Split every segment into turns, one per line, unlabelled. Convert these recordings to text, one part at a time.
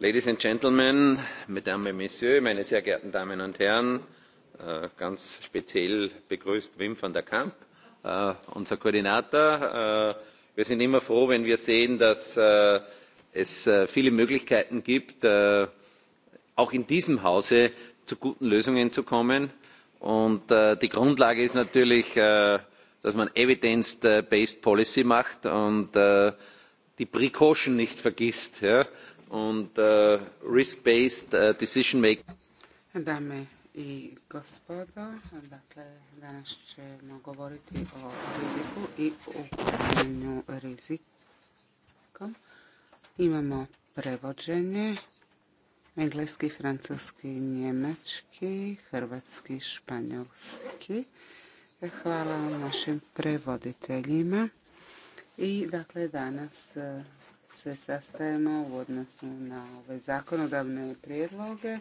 Ladies and gentlemen, mesdames et messieurs, meine sehr geehrten Damen und Herren, äh, ganz speziell begrüßt Wim van der Kamp, äh, unser Koordinator. Äh, wir sind immer froh, wenn wir sehen, dass es viele Möglichkeiten gibt, auch in diesem Hause zu guten Lösungen zu kommen. Und die Grundlage ist natürlich, dass man evidence based policy macht und die Precaution nicht vergisst. Ja? und uh, risk-based uh, decision making.
Dame i gospodo, dakle, danas ćemo govoriti o riziku i upravljanju rizikom. Imamo prevođenje, engleski, francuski, njemački, hrvatski, španjolski. Hvala našim prevoditeljima. I dakle danas se sastajemo u odnosu na ove zakonodavne prijedloge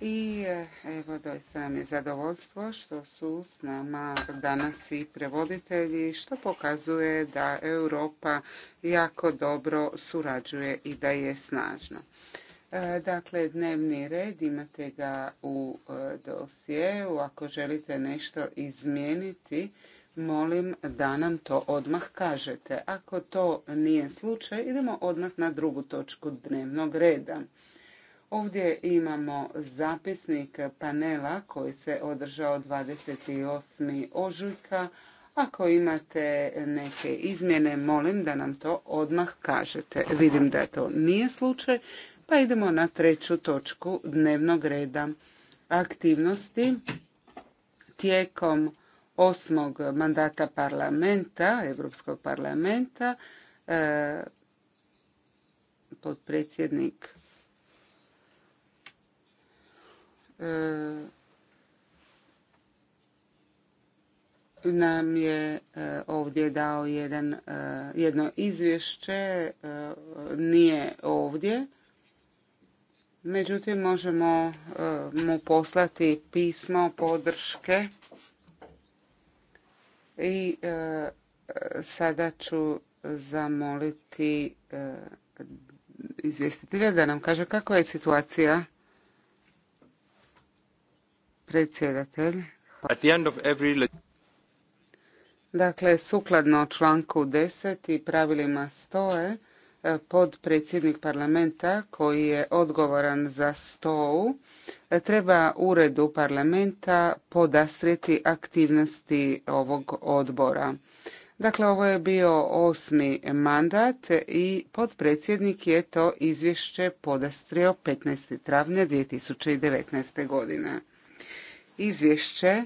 i e, evo doista nam je zadovoljstvo što su s nama danas i prevoditelji što pokazuje da Europa jako dobro surađuje i da je snažna. E, dakle, dnevni red imate ga u e, dosjeu. Ako želite nešto izmijeniti, molim da nam to odmah kažete. Ako to nije slučaj, idemo odmah na drugu točku dnevnog reda. Ovdje imamo zapisnik panela koji se održao 28. ožujka. Ako imate neke izmjene, molim da nam to odmah kažete. Vidim da to nije slučaj, pa idemo na treću točku dnevnog reda. Aktivnosti tijekom osmog mandata parlamenta, Europskog parlamenta, e, podpredsjednik e, nam je e, ovdje dao jedan, jedno izvješće, nije ovdje. Međutim, možemo mu poslati pismo podrške i e, sada ću zamoliti e, izvjestitelja da nam kaže kakva je situacija predsjedatelj. Dakle, sukladno članku 10 i pravilima stoje, podpredsjednik parlamenta koji je odgovoran za STOU treba uredu parlamenta podastrijeti aktivnosti ovog odbora. Dakle, ovo je bio osmi mandat i podpredsjednik je to izvješće podastrio 15. travnja 2019. godine. Izvješće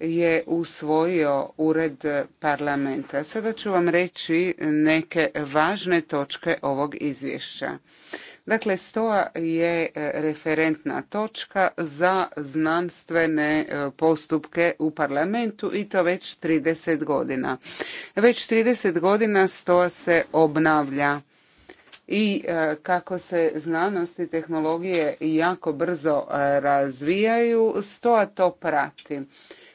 je usvojio ured parlamenta. Sada ću vam reći neke važne točke ovog izvješća. Dakle, STOA je e, referentna točka za znanstvene e, postupke u parlamentu i to već 30 godina. Već 30 godina STOA se obnavlja i e, kako se znanost i tehnologije jako brzo razvijaju, STOA to prati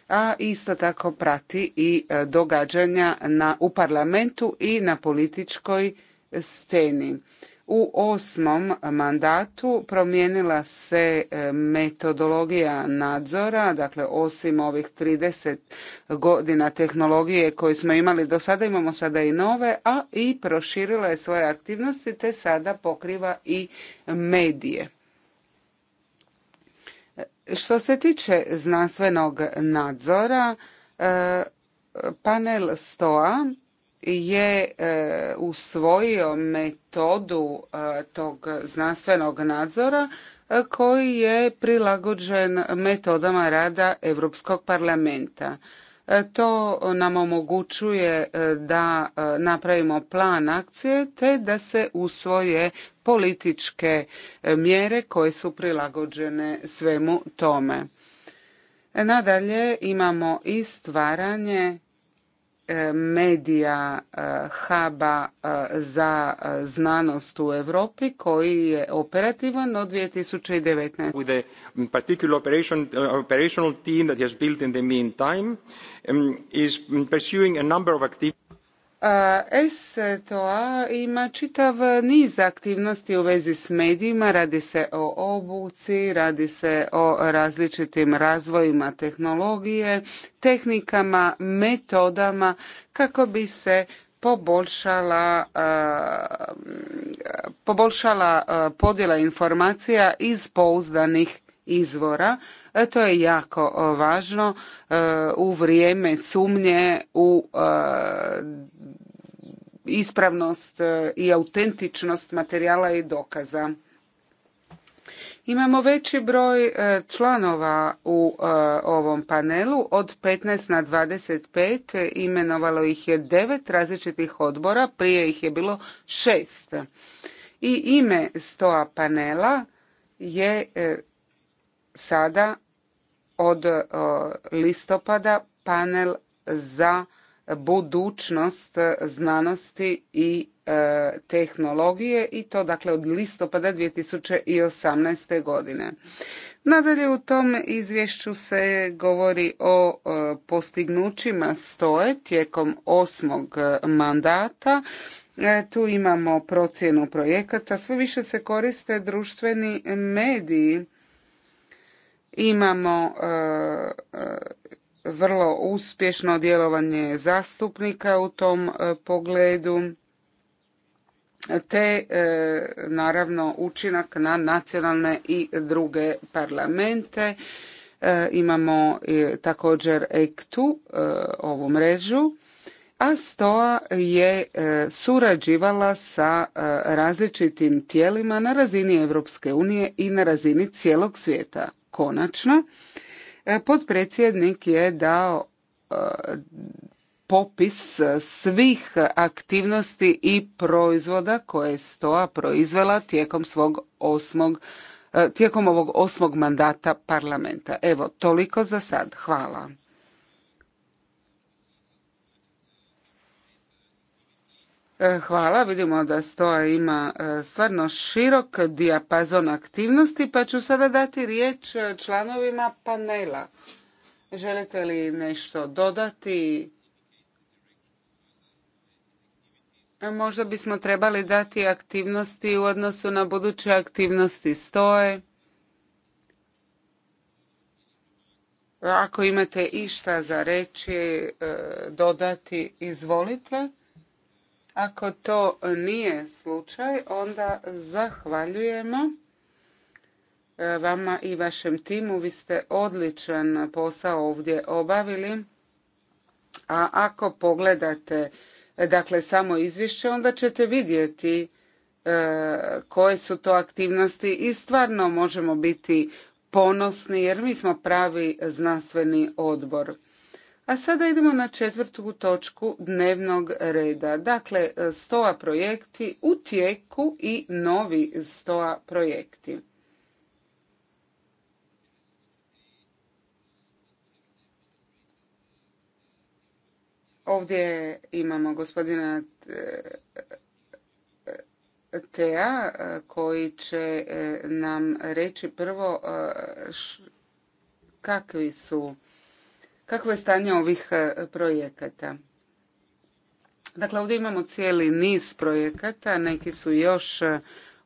a isto tako prati i e, događanja u parlamentu i na političkoj sceni. U osmom mandatu promijenila se e, metodologija nadzora, dakle osim ovih 30 godina tehnologije koje smo imali do sada, imamo sada i nove, a i proširila je svoje aktivnosti te sada pokriva i medije. Što se tiče znanstvenog nadzora, e, panel STOA je e, usvojio metodu e, tog znanstvenog nadzora koji je prilagođen metodama rada Europskog parlamenta. To nam omogućuje da napravimo plan akcije te da se usvoje političke e, mjere koje su prilagođene svemu tome. E, nadalje imamo i stvaranje e, medija Haba za znanost u Europi koji je operativan od 2019. With a particular operation, uh, operational team that has built in the meantime um, is pursuing a number of activities STOA ima čitav niz aktivnosti u vezi s medijima, radi se o obuci, radi se o različitim razvojima tehnologije, tehnikama, metodama kako bi se poboljšala, poboljšala podjela informacija iz pouzdanih izvora E, to je jako e, važno e, u vrijeme sumnje u ispravnost i autentičnost materijala i dokaza. Imamo veći broj članova u ovom panelu, od 15 na 25 imenovalo ih je devet različitih odbora, prije ih je bilo šest. I ime stoa panela je sada od e, listopada panel za budućnost znanosti i e, tehnologije i to dakle od listopada 2018. godine. Nadalje u tom izvješću se govori o e, postignućima stoje tijekom osmog mandata. Tu imamo procjenu projekata. Sve više se koriste društveni mediji Imamo e, e, vrlo uspješno djelovanje zastupnika u tom e, pogledu te naravno učinak na nacionalne i druge parlamente. Imamo također ECTU, ovu mrežu, a STOA je surađivala sa različitim tijelima na razini Europske unije i na razini cijelog svijeta konačno, e, potpredsjednik je dao e, popis svih aktivnosti i proizvoda koje je Stoa proizvela tijekom svog e, tijekom ovog osmog mandata parlamenta. Evo, toliko za sad. Hvala. E, hvala, vidimo da stoja ima e, stvarno širok dijapazon aktivnosti, pa ću sada dati riječ e, članovima panela. Želite li nešto dodati? Možda bismo trebali dati aktivnosti u odnosu na buduće aktivnosti stoje. Ako imate išta za reći, dodati, izvolite. Ako to nije slučaj, onda zahvaljujemo e, vama i vašem timu. Vi ste odličan posao ovdje obavili. A ako pogledate e, dakle samo izvješće, onda ćete vidjeti e, koje su to aktivnosti i stvarno možemo biti ponosni jer mi smo pravi znanstveni odbor. A sada idemo na četvrtu točku dnevnog reda. Dakle, stoa projekti u tijeku i novi stoa projekti. Ovdje imamo gospodina Tea koji će e, nam reći prvo e, kakvi su Kakvo je stanje ovih e, projekata? Dakle, ovdje imamo cijeli niz projekata, neki su još e,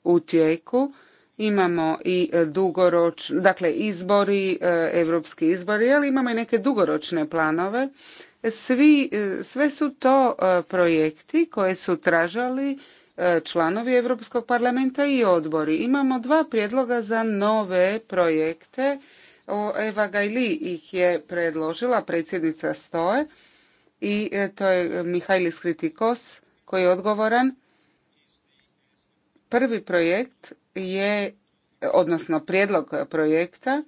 u tijeku. Imamo i e, dugoročne, dakle izbori, europski izbori, ali imamo i neke dugoročne planove. sve su to projekti koje su tražali članovi Europskog parlamenta i odbori. Imamo dva prijedloga za nove projekte Eva Gajli ih je predložila, predsjednica Stoje i e, to je Mihajlis Kritikos koji je odgovoran. Prvi projekt je, odnosno prijedlog projekta,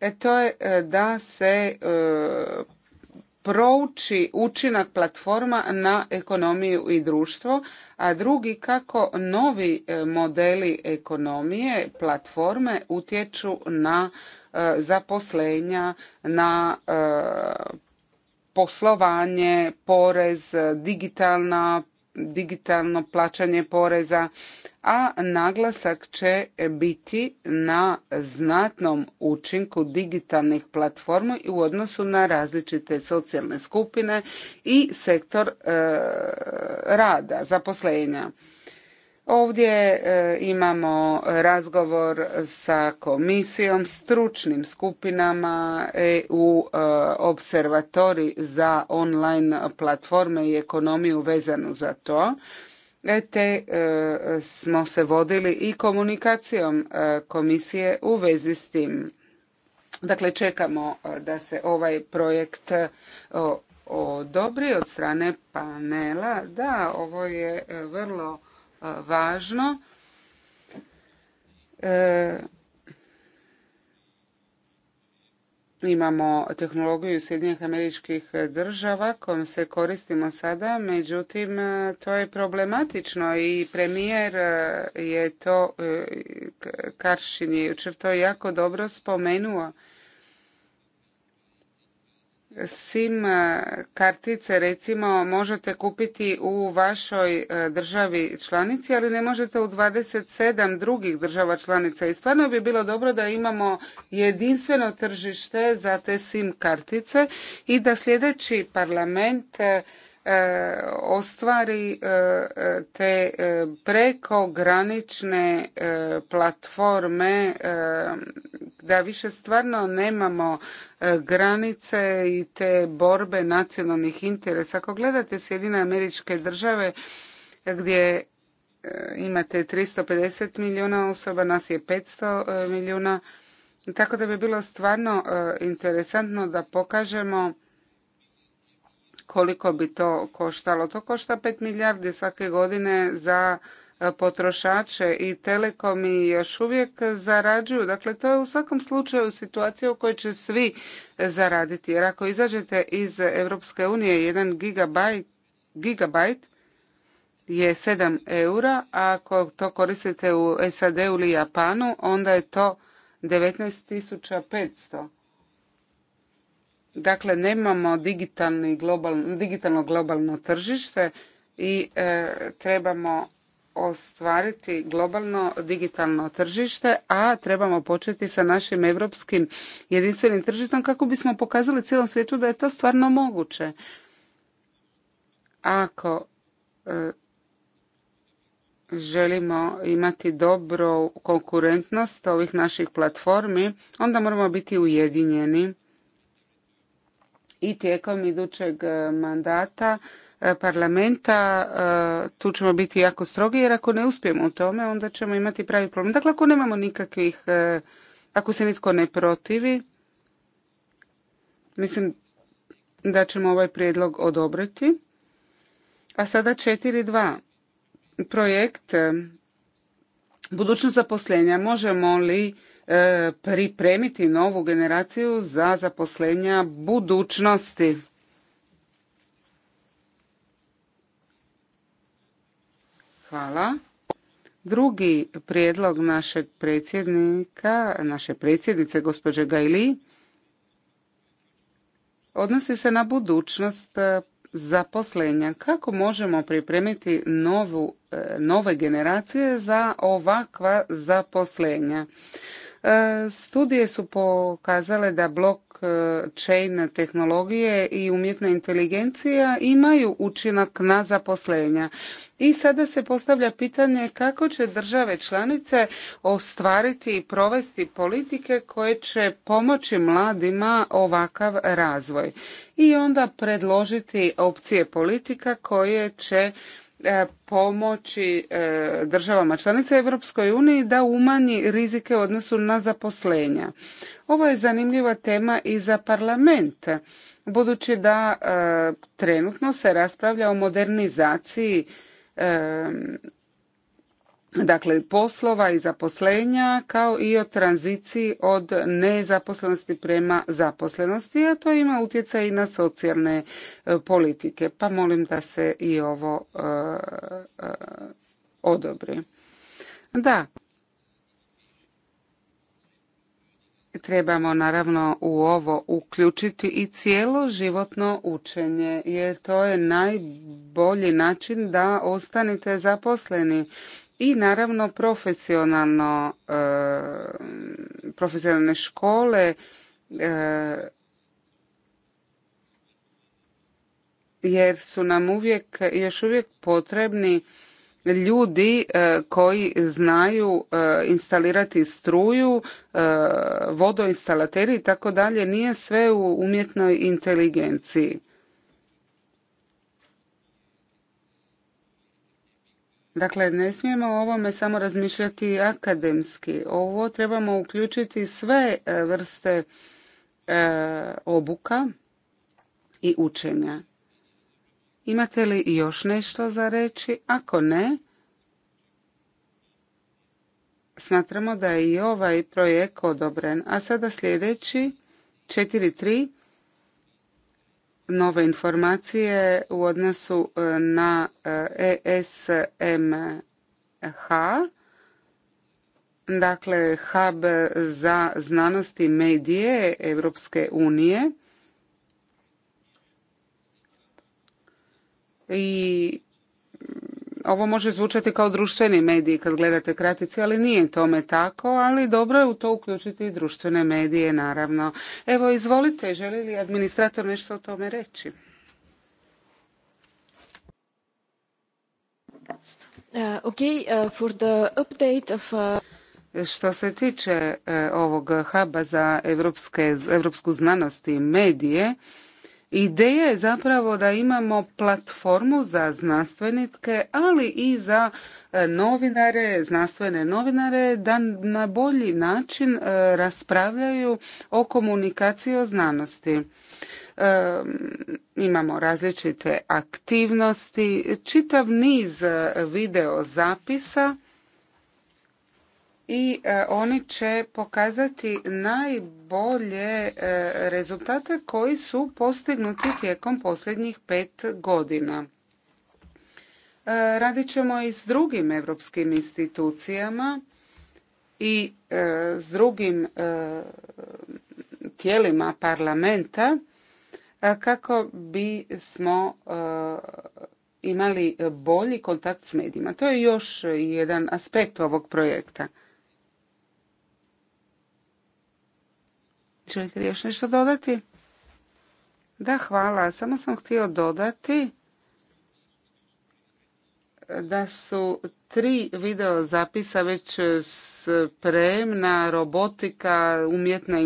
e, to je e, da se prouči učinak platforma na ekonomiju i društvo, a drugi kako novi modeli ekonomije, platforme utječu na E, zaposlenja, na e, poslovanje, porez, digitalna, digitalno plaćanje poreza, a naglasak će biti na znatnom učinku digitalnih platforma u odnosu na različite socijalne skupine i sektor e, rada, zaposlenja. Ovdje e, imamo razgovor sa komisijom, stručnim skupinama e u e, observatori za online platforme i ekonomiju vezanu za to. Te smo se vodili i komunikacijom komisije u vezi s tim. Dakle, čekamo da se ovaj projekt odobri od strane panela. Da, ovo je vrlo važno. E, imamo tehnologiju Sjedinjenih američkih država kojom se koristimo sada, međutim e, to je problematično i premijer e, je to, Karšin je to jako dobro spomenuo. SIM e, kartice recimo možete kupiti u vašoj e, državi članici, ali ne možete u 27 drugih država članica. I stvarno bi bilo dobro da imamo jedinstveno tržište za te SIM kartice i da sljedeći parlament e, ostvari e, e, te e, prekogranične platforme da više stvarno nemamo granice i te borbe nacionalnih interesa. Ako gledate Sjedine američke države gdje imate 350 milijuna osoba, nas je 500 milijuna, tako da bi bilo stvarno interesantno da pokažemo koliko bi to koštalo. To košta 5 milijardi svake godine za e, potrošače i telekomi još uvijek zarađuju. Dakle, to je u svakom slučaju situacija u kojoj će svi zaraditi. Jer ako izađete iz Europske unije jedan gigabajt, je 7 eura, a ako to koristite u SAD ili Japanu, onda je to 19.500 Dakle, nemamo digitalno globalno tržište i e, trebamo ostvariti globalno digitalno tržište, a trebamo početi sa našim europskim jedinstvenim tržištem kako bismo pokazali cijelom svijetu da je to stvarno moguće. Ako e, želimo imati dobru konkurentnost ovih naših platformi, onda moramo biti ujedinjeni i tijekom idućeg e, mandata e, parlamenta, e, tu ćemo biti jako strogi jer ako ne uspijemo u tome onda ćemo imati pravi problem. Dakle, ako nemamo nikakvih, ako se nitko ne protivi, mislim da ćemo ovaj prijedlog odobriti. A sada 4.2. Projekt budućnost zaposlenja. Možemo li E, pripremiti novu generaciju za zaposlenja budućnosti. Hvala. Drugi prijedlog našeg predsjednika, naše predsjednice gospođe Gajli, odnosi se na budućnost e, zaposlenja. Kako možemo pripremiti e, nove generacije za ovakva zaposlenja? E, studije su pokazale da e, chain tehnologije i umjetna inteligencija imaju učinak na zaposlenja. I sada se postavlja pitanje kako će države članice ostvariti i provesti politike koje će pomoći mladima ovakav razvoj i onda predložiti opcije politika koje će E, pomoći e, državama članica Europskoj uniji da umanji rizike u odnosu na zaposlenja. Ovo je zanimljiva tema i za parlament, budući da e, trenutno se raspravlja o modernizaciji dakle poslova i zaposlenja kao i o tranziciji od nezaposlenosti prema zaposlenosti, a to ima utjecaj i na socijalne e, politike. Pa molim da se i ovo e, e, odobri. Da. Trebamo naravno u ovo uključiti i cijelo životno učenje jer to je najbolji način da ostanete zaposleni i naravno profesionalno, e, profesionalne škole e, jer su nam uvijek, još uvijek potrebni ljudi e, koji znaju instalirati struju, vodoinstalateri i tako dalje, nije sve u umjetnoj inteligenciji. Dakle, ne smijemo o ovome samo razmišljati akademski. Ovo trebamo uključiti sve e, vrste e, obuka i učenja. Imate li još nešto za reći? Ako ne, smatramo da je i ovaj projekt odobren. A sada sljedeći, 4.3, nove informacije u odnosu e, na ESMH, e dakle hub za znanosti i medije Europske unije. I ovo može zvučati kao društveni mediji kad gledate kratice, ali nije tome tako, ali dobro je u to uključiti i društvene medije, naravno. Evo, izvolite, želi li administrator nešto o tome reći? Uh, uh, for the update of, uh, Što se tiče ovog huba za evropske, evropsku znanost i medije, Ideja je zapravo da imamo platformu za znanstvenike, ali i za e, novinare, znanstvene novinare, da na bolji način e, raspravljaju o komunikaciji o znanosti. E, imamo različite aktivnosti, čitav niz video zapisa i e, oni će pokazati najbolje e, rezultate koji su postignuti tijekom posljednjih pet godina. E, radit ćemo i s drugim europskim institucijama i s drugim tijelima parlamenta kako bi smo imali bolji kontakt s medijima. To je još jedan aspekt ovog projekta. Želite li još nešto dodati? Da, hvala. Samo sam htio dodati da su tri video zapisa već spremna robotika, umjetna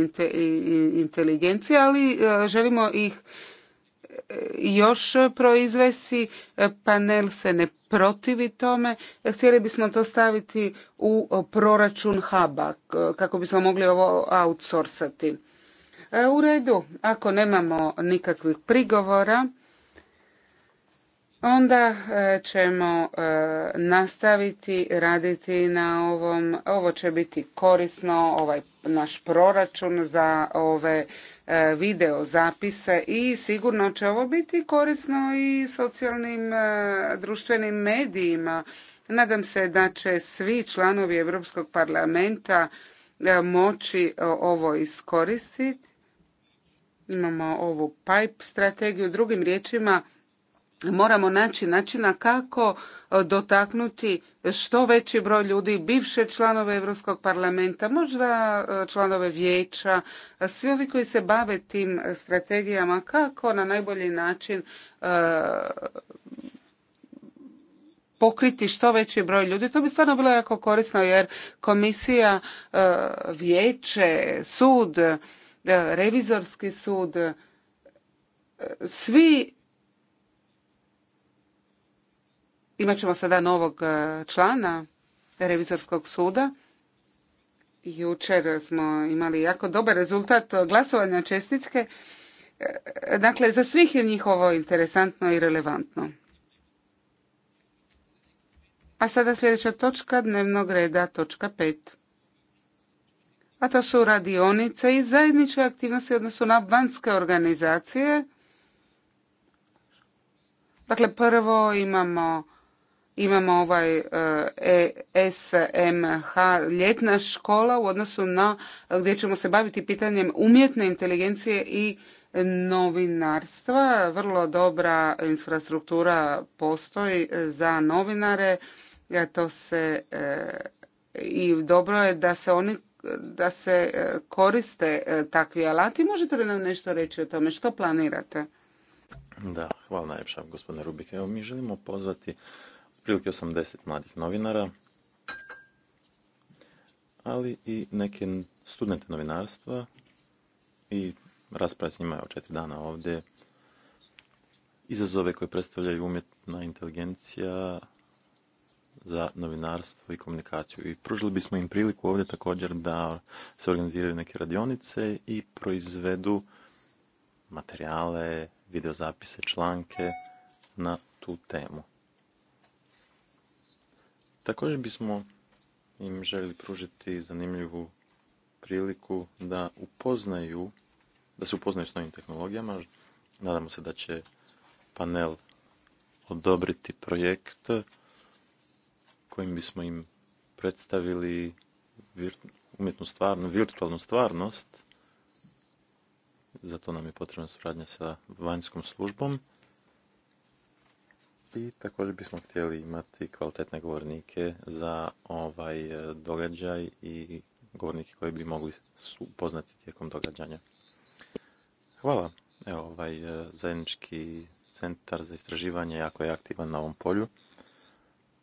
inteligencija, ali e, želimo ih e, još proizvesti. E, panel se ne protivi tome. Htjeli bismo to staviti u proračun haba kako bismo mogli ovo outsourcati. E, u redu, ako nemamo nikakvih prigovora, onda e, ćemo e, nastaviti raditi na ovom. Ovo će biti korisno, ovaj naš proračun za ove video zapise i sigurno će ovo biti korisno i socijalnim društvenim medijima. Nadam se da će svi članovi Europskog parlamenta moći ovo iskoristiti Imamo ovu PIPE strategiju. Drugim riječima, moramo naći načina kako e, dotaknuti što veći broj ljudi, bivše članove Europskog parlamenta, možda e, članove vijeća, e, svi ovi koji se bave tim strategijama, kako na najbolji način pokriti što veći broj ljudi. To bi stvarno bilo jako korisno jer komisija, vijeće, sud, E, revizorski sud, e, svi imat ćemo sada novog e, člana revizorskog suda. Jučer smo imali jako dobar rezultat glasovanja čestitke. Dakle, za svih je njihovo interesantno i relevantno. A sada sljedeća točka dnevnog reda, točka 5 a to su radionice i zajedničke aktivnosti odnosu na vanjske organizacije. Dakle, prvo imamo imamo ovaj e, e SMH ljetna škola u odnosu na gdje ćemo se baviti pitanjem umjetne inteligencije i novinarstva. Vrlo dobra infrastruktura postoji za novinare. E, to se i dobro je da se oni da se e, koriste e, takvi alati. Možete li nam nešto reći o tome? Što planirate?
Da, hvala najljepša, gospodine Rubik. Evo, mi želimo pozvati prilike 80 mladih novinara, ali i neke studente novinarstva i rasprava s njima je četiri dana ovdje. Izazove koje predstavljaju umjetna inteligencija, za novinarstvo i komunikaciju. I pružili bismo im priliku ovdje također da se organiziraju neke radionice i proizvedu materijale, videozapise, članke na tu temu. Također bismo im željeli pružiti zanimljivu priliku da upoznaju, da se upoznaju s novim tehnologijama. Nadamo se da će panel odobriti projekt kojim bismo im predstavili umjetnu stvarnu, virtualnu stvarnost. Zato nam je potrebna suradnja sa vanjskom službom. I također bismo htjeli imati kvalitetne govornike za ovaj e, događaj i govornike koji bi mogli upoznati tijekom događanja. Hvala. Evo, ovaj e, zajednički centar za istraživanje jako je aktivan na ovom polju.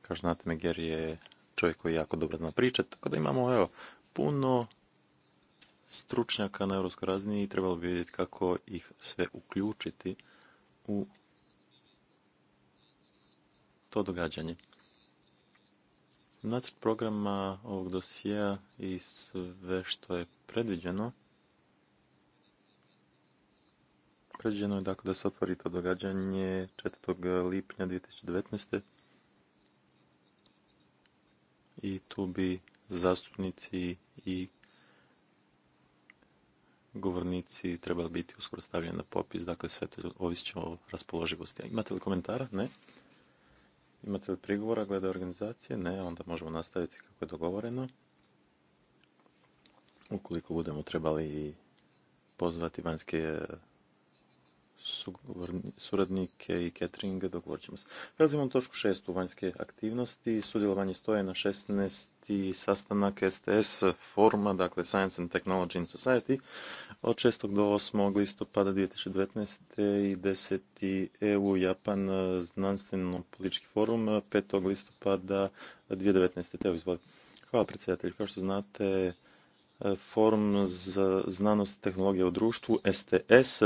Kao što znate, je čovjek koji jako dobro zna pričati, tako da imamo evo, puno stručnjaka na europskoj razini i trebalo bi vidjeti kako ih sve uključiti u to događanje. Nacrt programa ovog dosija i sve što je predviđeno predviđeno je dakle, da se otvori to događanje 4. lipnja 2019 i tu bi zastupnici i govornici trebali biti uskoro na popis, dakle sve to ovisit o raspoloživosti. Imate li komentara? Ne. Imate li prigovora glede organizacije? Ne, onda možemo nastaviti kako je dogovoreno. Ukoliko budemo trebali pozvati vanjske suradnike i catering, dogovorit ćemo se. Prelazimo na točku šestu vanjske aktivnosti. Sudjelovanje stoje na 16. sastanak STS forma, dakle Science and Technology in Society, od 6. do 8. listopada 2019. i 10. EU Japan znanstveno-politički forum, 5. listopada 2019. Teo izvolite. Hvala predsjedatelju. Kao što znate, Forum za znanost i tehnologije u društvu, STS,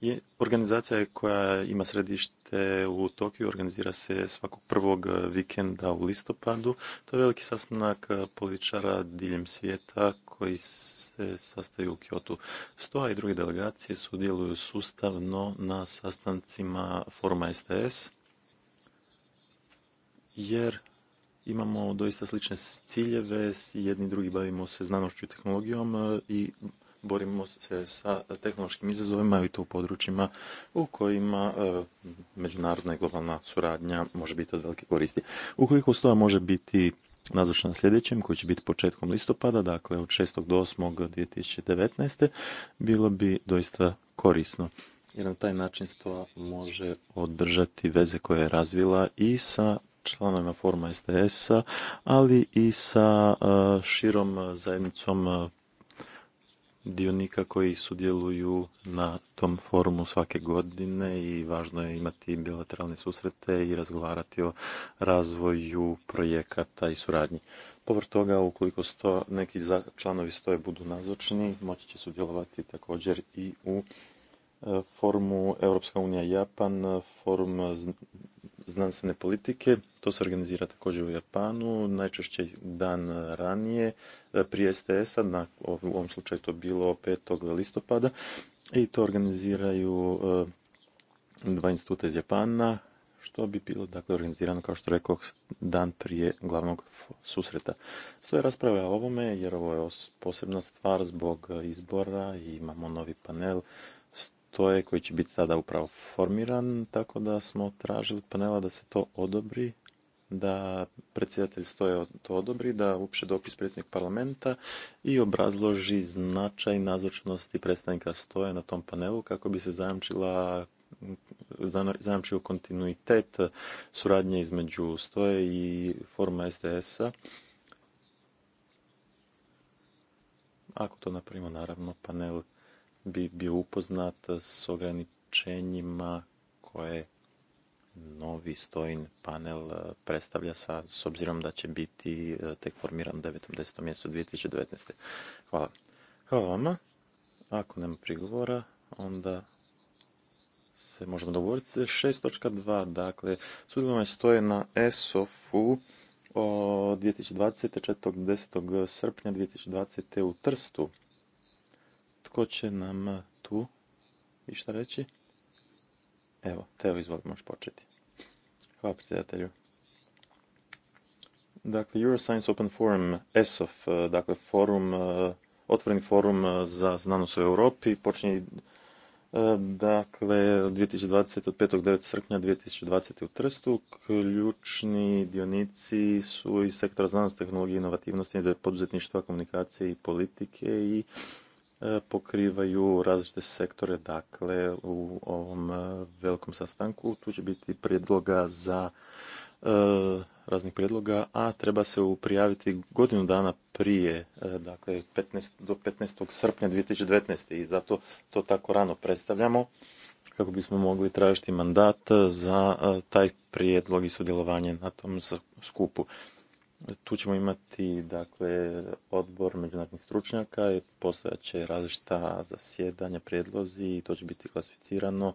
je organizacija koja ima središte u Tokiju, organizira se svakog prvog e, vikenda u listopadu. To je veliki sastanak e, političara diljem svijeta koji se sastaju u Kyotu. Stoa i druge delegacije sudjeluju sustavno na sastancima forma STS, jer imamo doista slične ciljeve, jedni drugi bavimo se znanošću i tehnologijom e, i borimo se sa tehnološkim izazovima i to u područjima u kojima e, međunarodna i globalna suradnja može biti od velike koristi. Ukoliko stoja može biti nazočna na sljedećem, koji će biti početkom listopada, dakle od 6. do 8. 2019. bilo bi doista korisno jer na taj način stoa može održati veze koje je razvila i sa članovima forma STS-a, ali i sa e, širom zajednicom e, dionika koji sudjeluju na tom forumu svake godine i važno je imati bilateralne susrete i razgovarati o razvoju projekata i suradnji. Povr toga, ukoliko sto, neki članovi stoje budu nazočni, moći će sudjelovati također i u e, forumu Europska unija Japan, forum znanstvene politike. To se organizira također u Japanu, najčešće dan ranije, e, prije STS-a, u ovom slučaju to bilo 5. listopada. I to organiziraju e, dva instituta iz Japana, što bi bilo dakle, organizirano, kao što rekao, dan prije glavnog susreta. Stoje rasprave o ovome, jer ovo je posebna stvar zbog izbora, i imamo novi panel to je koji će biti tada upravo formiran, tako da smo tražili panela da se to odobri, da predsjedatelj stoje to odobri, da upiše dopis predsjednik parlamenta i obrazloži značaj nazočnosti predstavnika stoje na tom panelu kako bi se zajamčila zajamčio kontinuitet suradnje između stoje i forma STS-a. Ako to napravimo, naravno, panel bi bio upoznat s ograničenjima koje novi stojin panel e, predstavlja sa, s obzirom da će biti e, tek formiran u 9. 10. mjesecu 2019. Hvala. Hvala vama. Ako nema prigovora, onda se možemo dogovoriti. 6.2, dakle, sudjelovanje stoje na ESOF-u od 2020. 4. 10. srpnja 2020. u Trstu. Ko će nam e, tu išta reći? Evo, Teo, izvolite, možeš početi. Hvala predsjedatelju. Dakle, Euroscience Open Forum, ESOF, e, dakle, forum, e, otvoreni forum za znanost u Europi, počinje Dakle, 2020. od 5. 9. srpnja 2020. u Trstu ključni dionici su iz sektora znanosti, tehnologije, inovativnosti, poduzetništva, komunikacije i politike i E, pokrivaju različite sektore. Dakle, u ovom e, velikom sastanku tu će biti predloga za e, raznih predloga, a treba se prijaviti godinu dana prije, dakle do 15. srpnja 2019. i zato to tako rano predstavljamo kako bismo mogli tražiti mandat za taj prijedlog i sudjelovanje na tom skupu. Tu ćemo imati dakle, odbor međunarodnih stručnjaka, postojat će različita zasjedanja, prijedlozi i to će biti klasificirano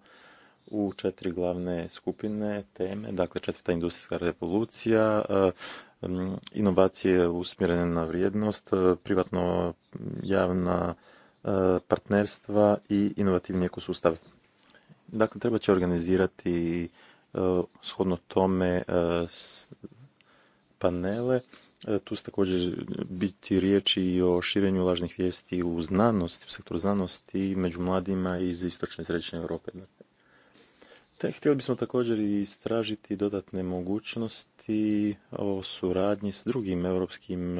u četiri glavne skupine teme, dakle četvrta industrijska revolucija, inovacije usmjerene na vrijednost, privatno javna e, partnerstva i inovativni ekosustav. Dakle, treba će organizirati e, shodno tome e, panele. E, tu će također biti riječi i o širenju lažnih vijesti u znanosti, u sektoru znanosti među mladima iz istočne i središnje Europe. Te htjeli bismo također istražiti dodatne mogućnosti o suradnji s drugim europskim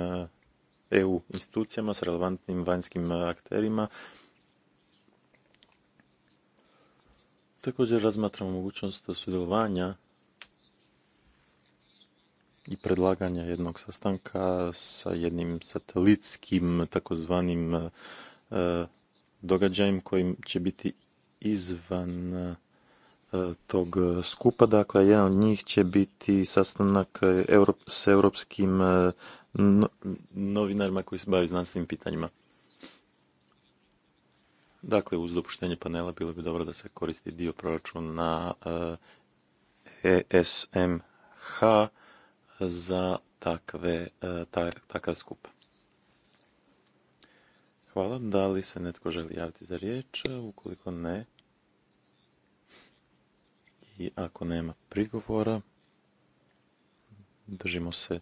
EU e institucijama, s relevantnim vanjskim akterima. Također razmatramo mogućnost sudjelovanja i predlaganja jednog sastanka sa jednim satelitskim takozvanim e, događajem koji će biti izvan e, tog skupa. Dakle, jedan od njih će biti sastanak e, s europskim novinarima koji se bave znanstvenim pitanjima. Dakle, uz dopuštenje panela bilo bi dobro da se koristi dio proračuna na ESMH za takve, e, takav skup. Hvala. Da li se netko želi javiti za riječ? E, ukoliko ne, i ako nema prigovora, držimo se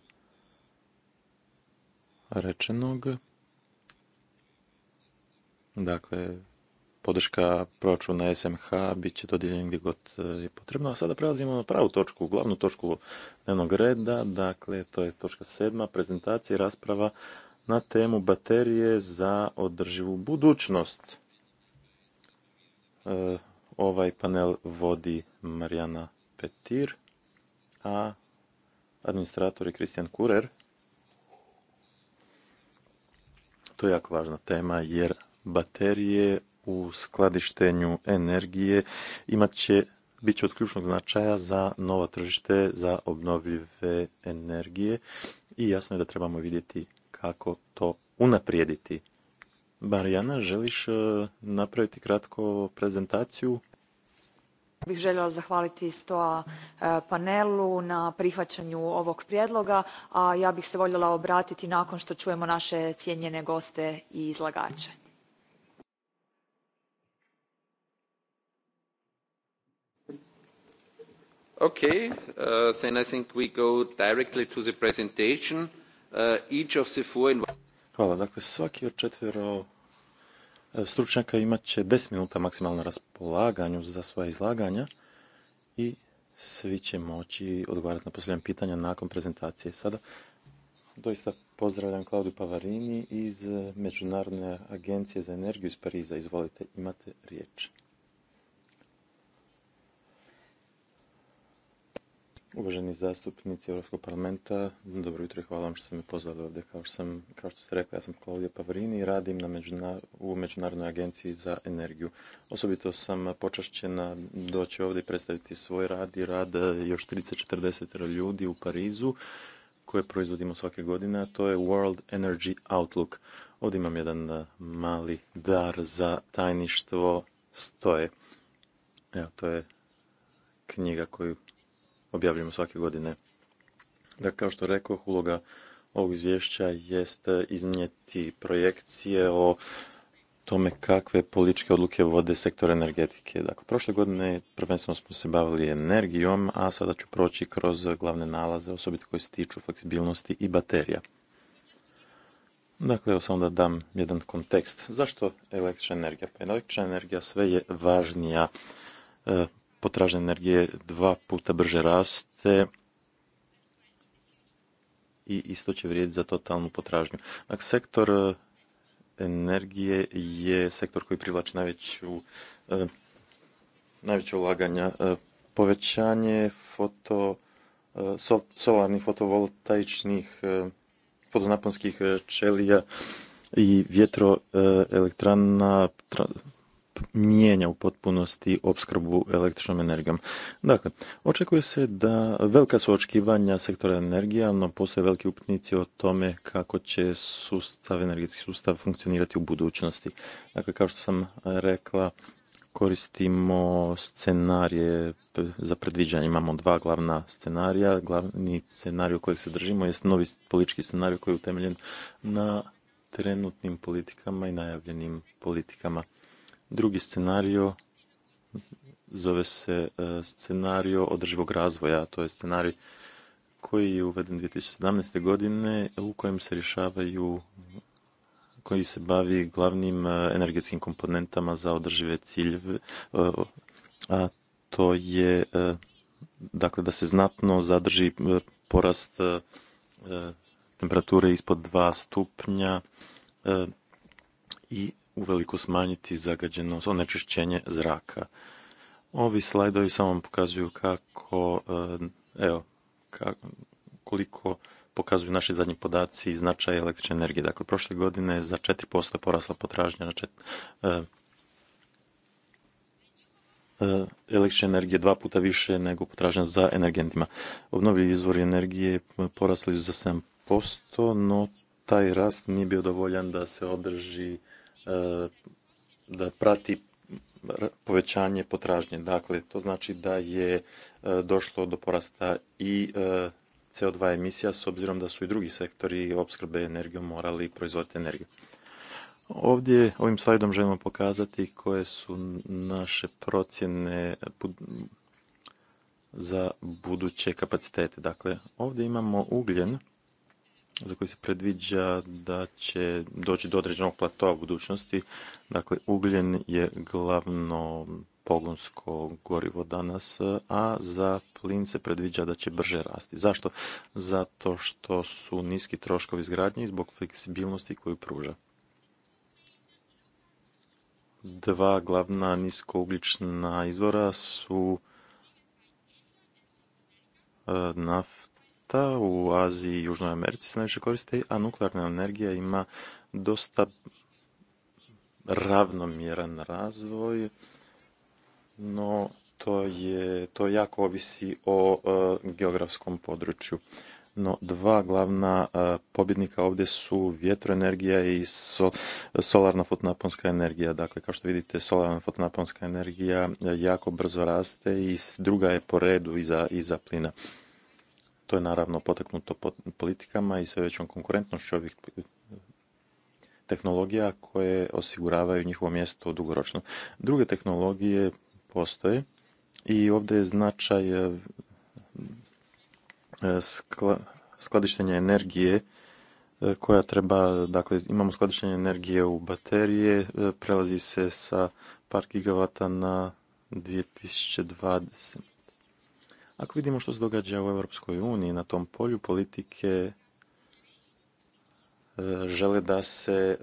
rečenog. Dakle, podrška proračuna SMH bit će dodijeljen gdje god e, je potrebno. A sada prelazimo na pravu točku, glavnu točku dnevnog reda, dakle to je točka sedma, prezentacija i rasprava na temu baterije za održivu budućnost. E, ovaj panel vodi Marijana Petir, a administrator je Kristijan Kurer. To je jako važna tema jer baterije u skladištenju energije imat će bit će od ključnog značaja za nova tržište za obnovljive energije i jasno je da trebamo vidjeti kako to unaprijediti. Marijana, želiš e, napraviti kratko prezentaciju?
bih željela zahvaliti stoa e, panelu na prihvaćanju ovog prijedloga, a ja bih se voljela obratiti nakon što čujemo naše cijenjene goste i izlagače.
Okay, uh, I think we go
directly to the presentation. Uh, each of the four...
Hvala, dakle svaki od četvero uh, stručnjaka imat će 10 minuta maksimalno raspolaganju za svoja izlaganja i svi će moći odgovarati na postavljena pitanja nakon prezentacije. Sada doista pozdravljam Klaudiju Pavarini iz Međunarodne agencije za energiju iz Pariza. Izvolite, imate riječ. Uvaženi zastupnici Europskog parlamenta, dobro jutro i hvala vam što ste me pozvali ovdje. Kao što, sam, kao ste rekli, ja sam Klaudija Pavrini i radim na u Međunarodnoj agenciji za energiju. Osobito sam počašćena doći ovdje i predstaviti svoj rad i rad još 30-40 ljudi u Parizu koje proizvodimo svake godine, a to je World Energy Outlook. Ovdje imam jedan eh, mali dar za tajništvo stoje. Evo, to je knjiga koju objavljujemo svake godine. da kao što rekao, uloga ovog izvješća jest iznijeti projekcije o tome kakve političke odluke vode sektor energetike. Dakle, prošle godine prvenstveno smo se bavili energijom, a sada ću proći kroz glavne nalaze, osobito koje se tiču fleksibilnosti i baterija. Dakle, evo samo da dam jedan kontekst. Zašto električna energija? Pa električna energija sve je važnija e, potražnja energije dva puta brže raste i isto će vrijediti za totalnu potražnju. Dakle, sektor e, energije je sektor koji privlači najveću, e, najveće ulaganja. E, povećanje foto, solarnih fotovoltaičnih fotonaponskih čelija i vjetroelektrana mijenja u potpunosti opskrbu električnom energijom. Dakle, očekuje se da velika su očekivanja sektora energija, no postoje veliki upitnici o tome kako će sustav, energetski sustav funkcionirati u budućnosti. Dakle, kao što sam rekla, koristimo scenarije za predviđanje. Imamo dva glavna scenarija. Glavni scenarij u kojeg se držimo je novi politički scenarij koji je utemeljen na trenutnim politikama i najavljenim politikama. Drugi scenario zove se e, scenario održivog razvoja, to je scenarij koji je uveden 2017. godine u kojem se rješavaju koji se bavi glavnim e, energetskim komponentama za održive ciljeve, e, a to je dakle da se znatno zadrži porast temperature ispod 2 stupnja i uveliko smanjiti zagađenost, onečišćenje zraka. Ovi slajdovi samo pokazuju kako, eh, evo, koliko pokazuju naši zadnji podaci i značaj električne energije. Dakle, prošle godine za 4% porasla potražnja na eh, eh, električne energije dva puta više nego potražnja za energentima. Obnovljivi izvori energije porasli su za 7%, no taj rast nije bio dovoljan da se održi E, da prati povećanje potražnje. Dakle, to znači da je e, došlo do porasta i e, CO2 emisija s obzirom da su i drugi sektori opskrbe energijom morali proizvoditi energiju. Ovdje ovim slajdom želimo pokazati koje su naše procjene za buduće kapacitete. Dakle, ovdje imamo ugljen za koji se predviđa da će doći do određenog platoa u budućnosti. Dakle, ugljen je glavno pogonsko gorivo danas, a za plin se predviđa da će brže rasti. Zašto? Zato što su niski troškovi izgradnje i zbog fleksibilnosti koju pruža. Dva glavna niskouglična izvora su e, naf u Aziji i Južnoj Americi se najviše koriste, a nuklearna energija ima dosta ravnomjeran razvoj, no to je, to jako ovisi o e, geografskom području. No, dva glavna e, pobjednika ovdje su vjetroenergija i solarna fotonaponska energija. Dakle, kao što vidite, solarna fotonaponska energija jako brzo raste i druga je po redu iza, iza plina. To je naravno potaknuto politikama i sve većom konkurentnošću ovih eh, tehnologija koje osiguravaju njihovo mjesto dugoročno. Druge tehnologije postoje i ovdje je značaj eh, eh, skladištenja energije koja treba, dakle imamo skladištenje energije u baterije, prelazi se sa par gigavata na 2020, ako vidimo što se događa u Europskoj uniji na tom polju politike e, žele da se e,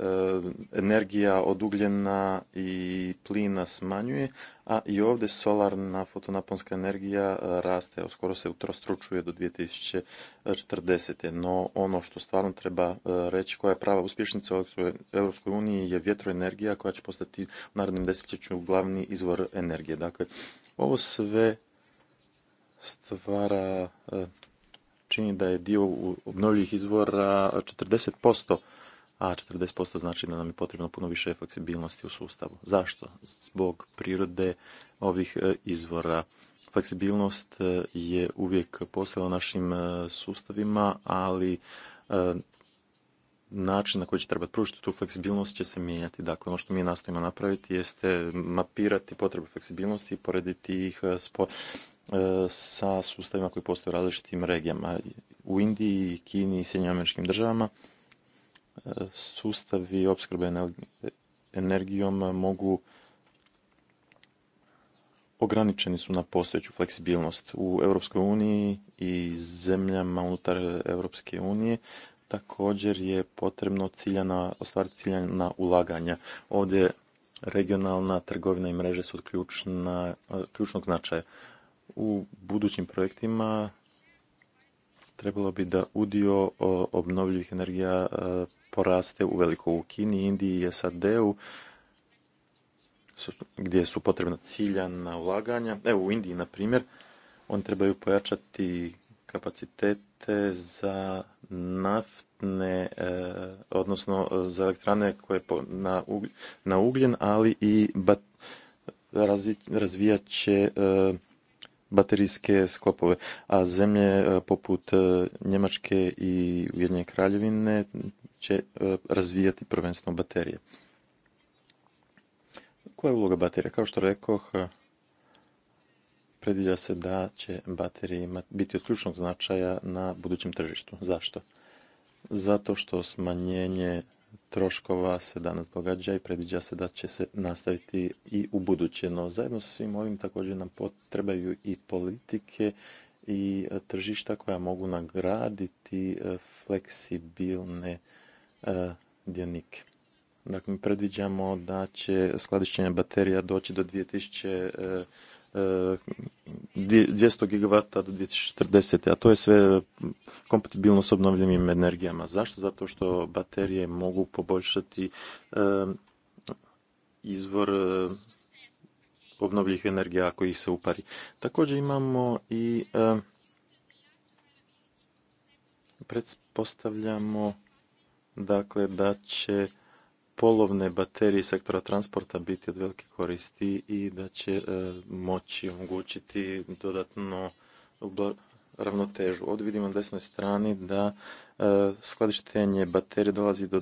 energija od ugljena i plina smanjuje, a i ovdje solarna fotonaponska energija e, raste, skoro se utrostručuje do 2040. No ono što stvarno treba reći koja je prava uspješnica u Europskoj uniji je vjetroenergija koja će postati u narednim desetljeću glavni izvor energije. Dakle, ovo sve stvara, e, čini da je dio obnovljivih izvora 40%, a 40% znači da nam je potrebno puno više fleksibilnosti u sustavu. Zašto? Zbog prirode ovih e, izvora. Fleksibilnost e, je uvijek postala u našim sustavima, ali način na koji će trebati pružiti tu fleksibilnost će se mijenjati. Dakle, ono što mi nastojimo napraviti jeste mapirati potrebe fleksibilnosti i porediti ih s E, sa sustavima koji postoje u različitim regijama. U Indiji, Kini i Sjedinjim američkim državama e, sustavi opskrbe energijom mogu ograničeni su na postojeću fleksibilnost. U Europskoj uniji i zemljama unutar Europske unije također je potrebno ciljana, ostvariti ciljana ulaganja. Ovdje regionalna trgovina i mreže su od ključnog značaja u budućim projektima trebalo bi da udio obnovljivih energija e, poraste u veliko u Kini, Indiji i SAD-u gdje su potrebna ciljana ulaganja. Evo u Indiji, na primjer, oni trebaju pojačati kapacitete za naftne, e, odnosno za elektrane koje na ugljen, ali i razvijat će e, baterijske sklopove, a zemlje e, poput e, Njemačke i Ujedinjene kraljevine će e, razvijati prvenstveno baterije. Koja je uloga baterija? Kao što rekoh, predviđa se da će baterije biti od ključnog značaja na budućem tržištu. Zašto? Zato što smanjenje troškova se danas događa i predviđa se da će se nastaviti i u buduće. No zajedno sa svim ovim također nam potrebaju i politike i e, tržišta koja mogu nagraditi e, fleksibilne e, dionike. Dakle, predviđamo da će skladišćenje baterija doći do 2000 200 gigavata do 2040. A to je sve kompatibilno s obnovljivim energijama. Zašto? Zato što baterije mogu poboljšati izvor obnovljivih energija ako ih se upari. Također imamo i predpostavljamo dakle da će polovne baterije sektora transporta biti od velike koristi i da će e, moći omogućiti dodatno ravnotežu. Ovdje vidimo na desnoj strani da e, skladištenje baterije dolazi do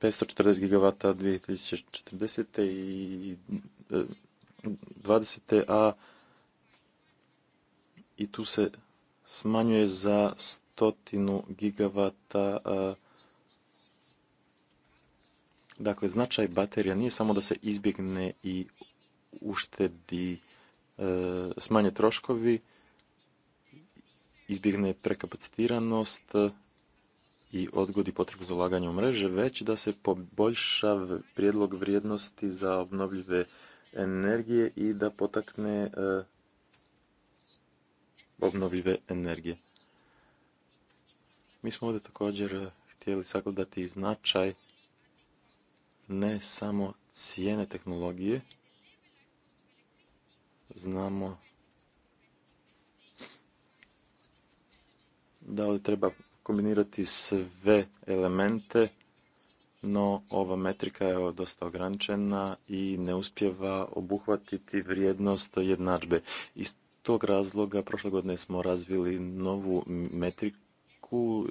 540 gigavata 2040. i 20. E, a i tu se smanjuje za stotinu gigavata Dakle, značaj baterija nije samo da se izbjegne i uštedi, e, smanje troškovi, izbjegne prekapacitiranost i odgodi potrebu za ulaganje u mreže, već da se poboljša prijedlog vrijednosti za obnovljive energije i da potakne e, obnovljive energije. Mi smo ovdje također htjeli sagledati značaj ne samo cijene tehnologije, znamo da li treba kombinirati sve elemente, no ova metrika je dosta ograničena i ne uspjeva obuhvatiti vrijednost jednadžbe. Iz tog razloga prošle godine smo razvili novu metriku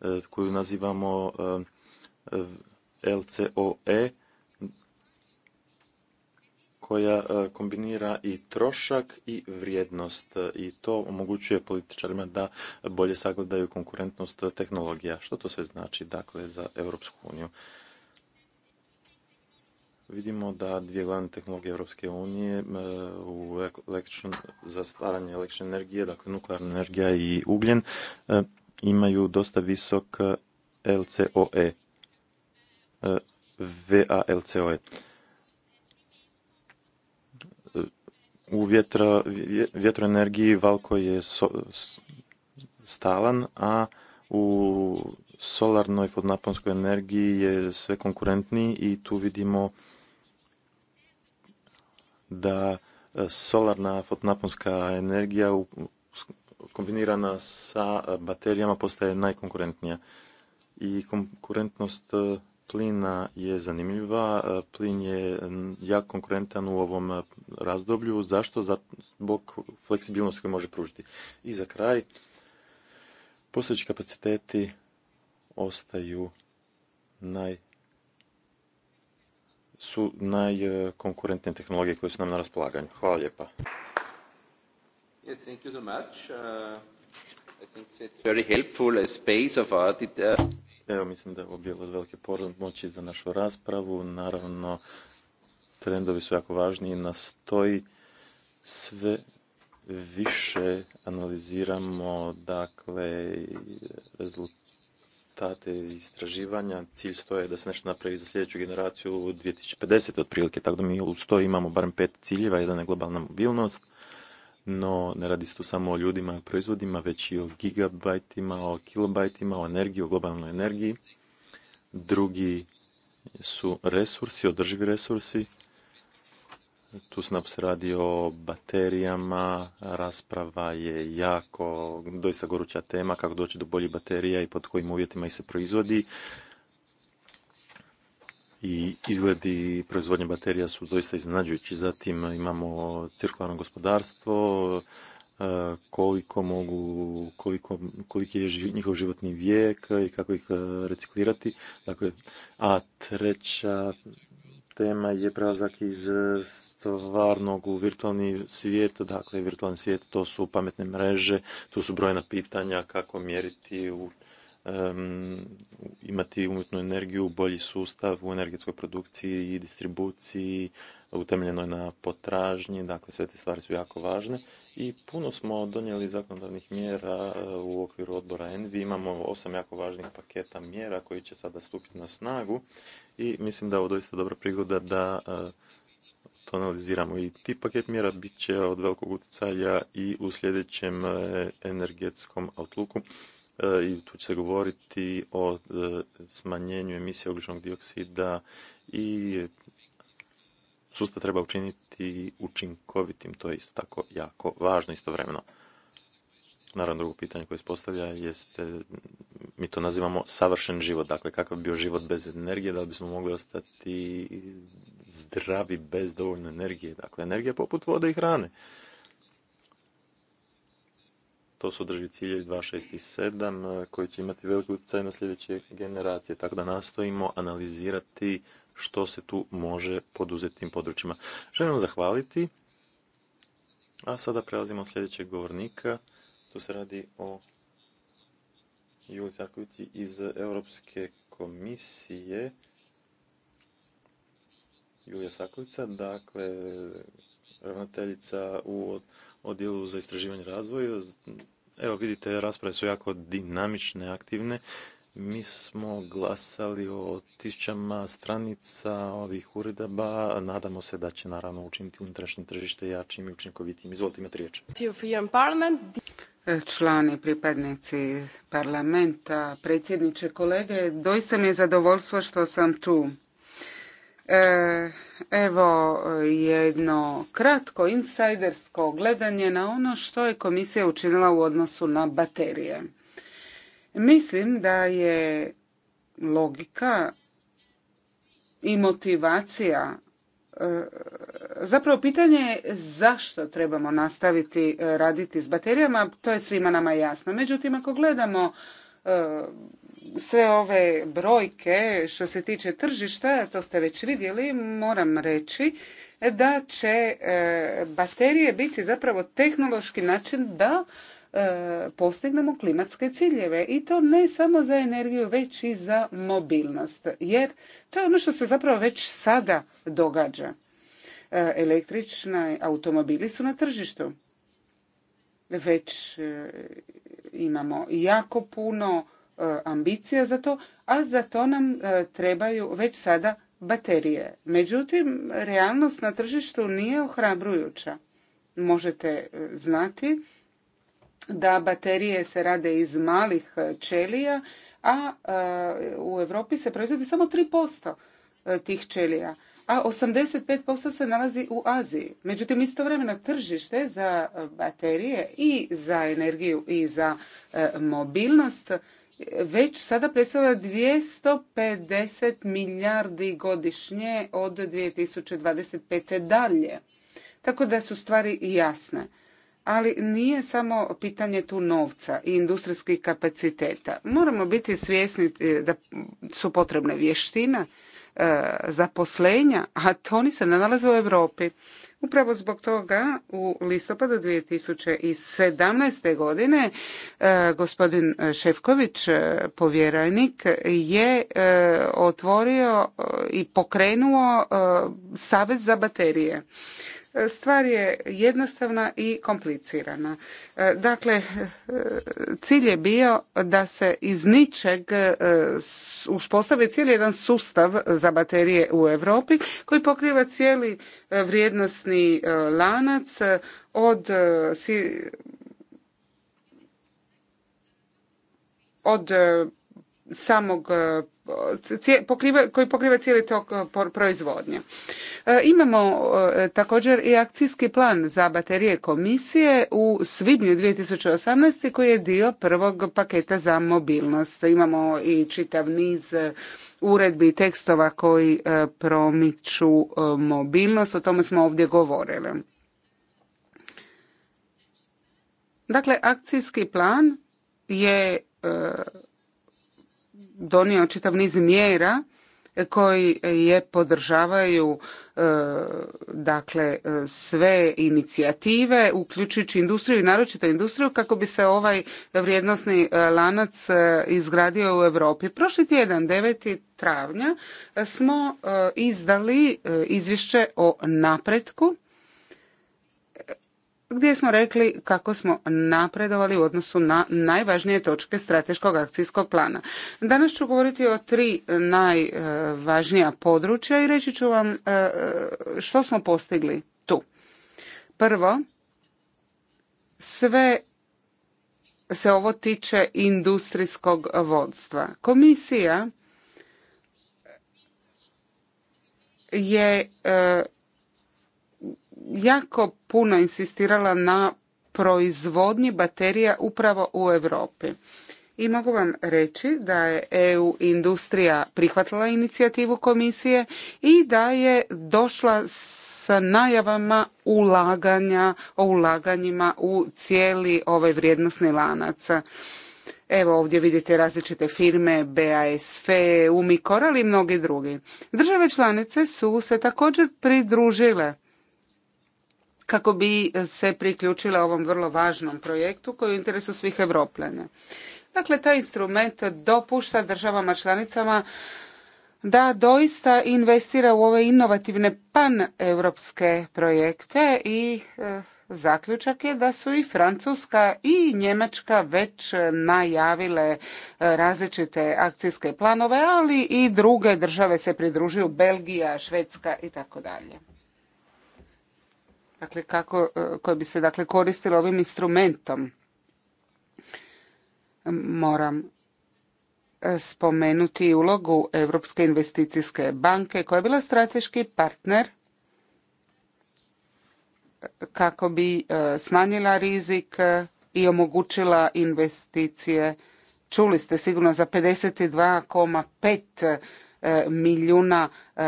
e, koju nazivamo e, LCOE koja e, kombinira i trošak i vrijednost e, i to omogućuje političarima da bolje sagledaju konkurentnost tehnologija. Što to sve znači dakle za Europsku uniju? Vidimo da dvije glavne tehnologije Europske unije e, u za stvaranje električne energije, dakle nuklearna energija i ugljen, imaju dosta visok LCOE VALCOE. U vjetroenergiji Valko je stalan, a u solarnoj fotonaponskoj energiji je sve konkurentniji i tu vidimo da e, solarna fotonaponska energija kombinirana sa baterijama postaje najkonkurentnija. I konkurentnost e, plina je zanimljiva. E, plin je jako konkurentan u ovom e, razdoblju. Zašto? Zbog fleksibilnosti može pružiti. I za kraj, postojeći kapaciteti ostaju naj najkonkurentnije tehnologije koje su nam na raspolaganju. Hvala lijepa. Yes, Evo, mislim da je ovo bilo velike moći za našu raspravu. Naravno, trendovi su jako važni i nastoji sve više analiziramo dakle rezultate istraživanja. Cilj stoje da se nešto napravi za sljedeću generaciju u 2050. otprilike, tako da mi uz to imamo barem pet ciljeva. Jedan je globalna mobilnost, no ne radi se tu samo o ljudima i proizvodima, već i o gigabajtima, o kilobajtima, o energiji, o globalnoj energiji. Drugi su resursi, održivi resursi. Tu snap se radi o baterijama, rasprava je jako, doista goruća tema, kako doći do boljih baterija i pod kojim uvjetima ih se proizvodi i izgledi proizvodnje baterija su doista iznenađujući. Zatim imamo cirkularno gospodarstvo, e, koliko mogu, koliko, koliki je njihov životni vijek i kako ih e, reciklirati. Dakle, a treća tema je prelazak iz stvarnog u virtualni svijet. Dakle, virtualni svijet to su pametne mreže, tu su brojna pitanja kako mjeriti u imati umjetnu energiju, bolji sustav u energetskoj produkciji i distribuciji, utemljenoj na potražnji, dakle sve te stvari su jako važne. I puno smo donijeli zakonodavnih mjera e, u okviru odbora ENVI, imamo osam jako važnih paketa mjera koji će sada stupiti na snagu i mislim da je ovo doista dobra prigoda da e, to analiziramo i ti paket mjera bit će od velikog utjecaja i u sljedećem e, energetskom outlooku E, i tu će se govoriti o e, smanjenju emisije ugljičnog dioksida i sustav treba učiniti učinkovitim, to je isto tako jako važno istovremeno. Naravno, drugo pitanje koje se postavlja jeste, mi to nazivamo savršen život, dakle kakav bi bio život bez energije, da li bismo mogli ostati zdravi bez dovoljno energije, dakle energija poput vode i hrane to su održivi ciljevi 267 e, koji će imati veliku utjecaj na sljedeće generacije. Tako da nastojimo analizirati što se tu može poduzeti tim područjima. Želim vam zahvaliti. A sada prelazimo od sljedećeg govornika. Tu se radi o Juli iz Europske komisije. Julija Sakovica, dakle, ravnateljica u odjelu za istraživanje razvoja. Evo vidite, rasprave su jako dinamične, aktivne. Mi smo glasali o tisućama stranica ovih uredaba. Nadamo se da će naravno učiniti unutrašnje tržište jačim i učinkovitijim. Izvolite imati riječ.
Člani, pripadnici parlamenta, predsjedniče kolege, doista mi je zadovoljstvo što sam tu. E, evo jedno kratko insajdersko gledanje na ono što je komisija učinila u odnosu na baterije. Mislim da je logika i motivacija e, zapravo pitanje je zašto trebamo nastaviti e, raditi s baterijama, to je svima nama jasno. Međutim, ako gledamo sve ove brojke što se tiče tržišta, to ste već vidjeli, moram reći da će e, baterije biti zapravo tehnološki način da e, postignemo klimatske ciljeve i to ne samo za energiju već i za mobilnost jer to je ono što se zapravo već sada događa. E, električni automobili su na tržištu. Već imamo jako puno E, ambicija za to, a za to nam e, trebaju već sada baterije. Međutim, realnost na tržištu nije ohrabrujuća. Možete e, znati da baterije se rade iz malih čelija, a u Europi se proizvodi samo 3% tih čelija, a 85% se nalazi u Aziji. Međutim, istovremeno tržište za baterije i za energiju i za mobilnost već sada predstavlja 250 milijardi godišnje od 2025. dalje. Tako da su stvari jasne. Ali nije samo pitanje tu novca i industrijskih kapaciteta. Moramo biti svjesni eh, da su potrebne vještine, E, zaposlenja, a to oni se nalaze u Europi. Upravo zbog toga u listopadu 2017. godine e, gospodin Šefković, e, povjerajnik, je otvorio i pokrenuo Savez za baterije stvar je jednostavna i komplicirana. E, dakle, e, cilj je bio da se iz ničeg e, uspostavi cijeli jedan sustav za baterije u Europi koji pokriva cijeli vrijednosni lanac od od samog e, koji pokriva cijeli tok e, proizvodnje. E, imamo također i akcijski plan za baterije komisije u svibnju 2018. koji je dio prvog paketa za mobilnost. Imamo i čitav niz uredbi i tekstova koji promiču mobilnost. O tome smo ovdje govorili. Dakle, akcijski plan je donio čitav niz mjera koji je podržavaju e, dakle sve inicijative uključujući industriju i naročito industriju kako bi se ovaj vrijednosni e, lanac e, izgradio u Europi. Prošli tjedan 9. travnja smo izdali izvješće o napretku gdje smo rekli kako smo napredovali u odnosu na najvažnije točke strateškog akcijskog plana. Danas ću govoriti o tri e, najvažnija područja i reći ću vam e, što smo postigli tu. Prvo, sve se ovo tiče industrijskog vodstva. Komisija je e, jako puno insistirala na proizvodnji baterija upravo u Europi. I mogu vam reći da je EU industrija prihvatila inicijativu komisije i da je došla sa najavama ulaganja o ulaganjima u cijeli ovaj vrijednosni lanac. Evo ovdje vidite različite firme, BASF, Umicor, ali i mnogi drugi. Države članice su se također pridružile kako bi e, se priključila ovom vrlo važnom projektu koji je u interesu svih Evropljana. Dakle, taj instrument dopušta državama članicama da doista investira u ove inovativne paneuropske projekte i e, zaključak je da su i Francuska i Njemačka već najavile e, različite akcijske planove, ali i druge države se pridružuju, Belgija, Švedska i tako dalje dakle kako, e, koje bi se dakle koristilo ovim instrumentom. Moram e, spomenuti ulogu Europske investicijske banke koja je bila strateški partner e, kako bi smanjila rizik i omogućila investicije. Čuli ste sigurno za 52,5 E, milijuna e,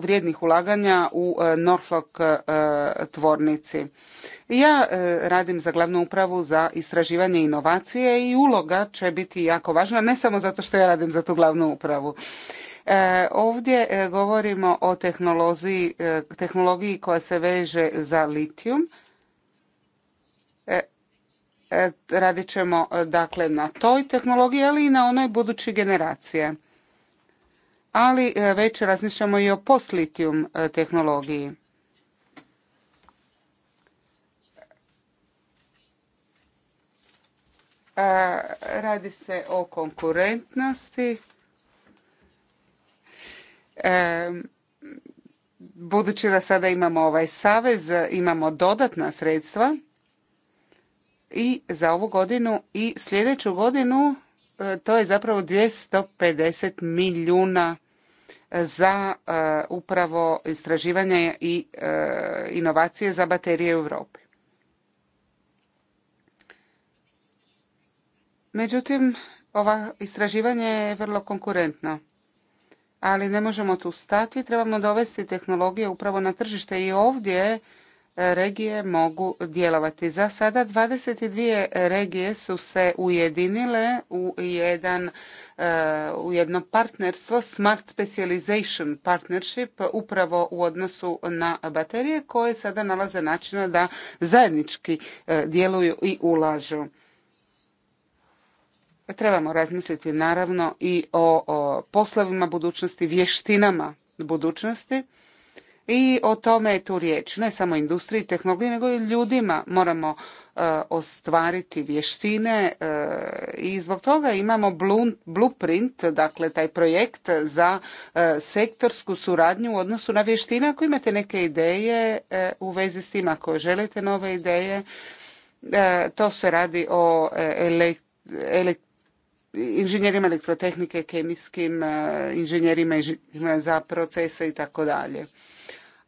vrijednih ulaganja u e, Norfolk tvornici. Ja radim za glavnu upravu za istraživanje inovacije i uloga će biti jako važna, ne samo zato što ja radim za tu glavnu upravu. Ovdje govorimo o tehnologiji koja se veže za litijum. Radit ćemo dakle na toj tehnologiji, ali i na onoj budući generacije ali e, već razmišljamo i o poslitijum e, tehnologiji. E, radi se o konkurentnosti. Budući da sada imamo ovaj savez, imamo dodatna sredstva i za ovu godinu i sljedeću godinu to je zapravo 250 milijuna za e, upravo istraživanje i e, inovacije za baterije u Europi. Međutim, ova istraživanje je vrlo konkurentno. Ali ne možemo tu stati, trebamo dovesti tehnologije upravo na tržište i ovdje regije mogu djelovati. Za sada 22 regije su se ujedinile u, jedan, e, u jedno partnerstvo Smart Specialization Partnership upravo u odnosu na baterije koje sada nalaze načina da zajednički e, djeluju i ulažu. Trebamo razmisliti naravno i o, o poslovima budućnosti, vještinama budućnosti i o tome je tu riječ. Ne samo industriji i tehnologiji, nego i ljudima moramo e, ostvariti vještine e, i zbog toga imamo blueprint, dakle taj projekt za e, sektorsku suradnju u odnosu na vještine. Ako imate neke ideje u vezi s tim, ako želite nove ideje, to se radi o inženjerima elektrotehnike, kemijskim inženjerima za procese i tako dalje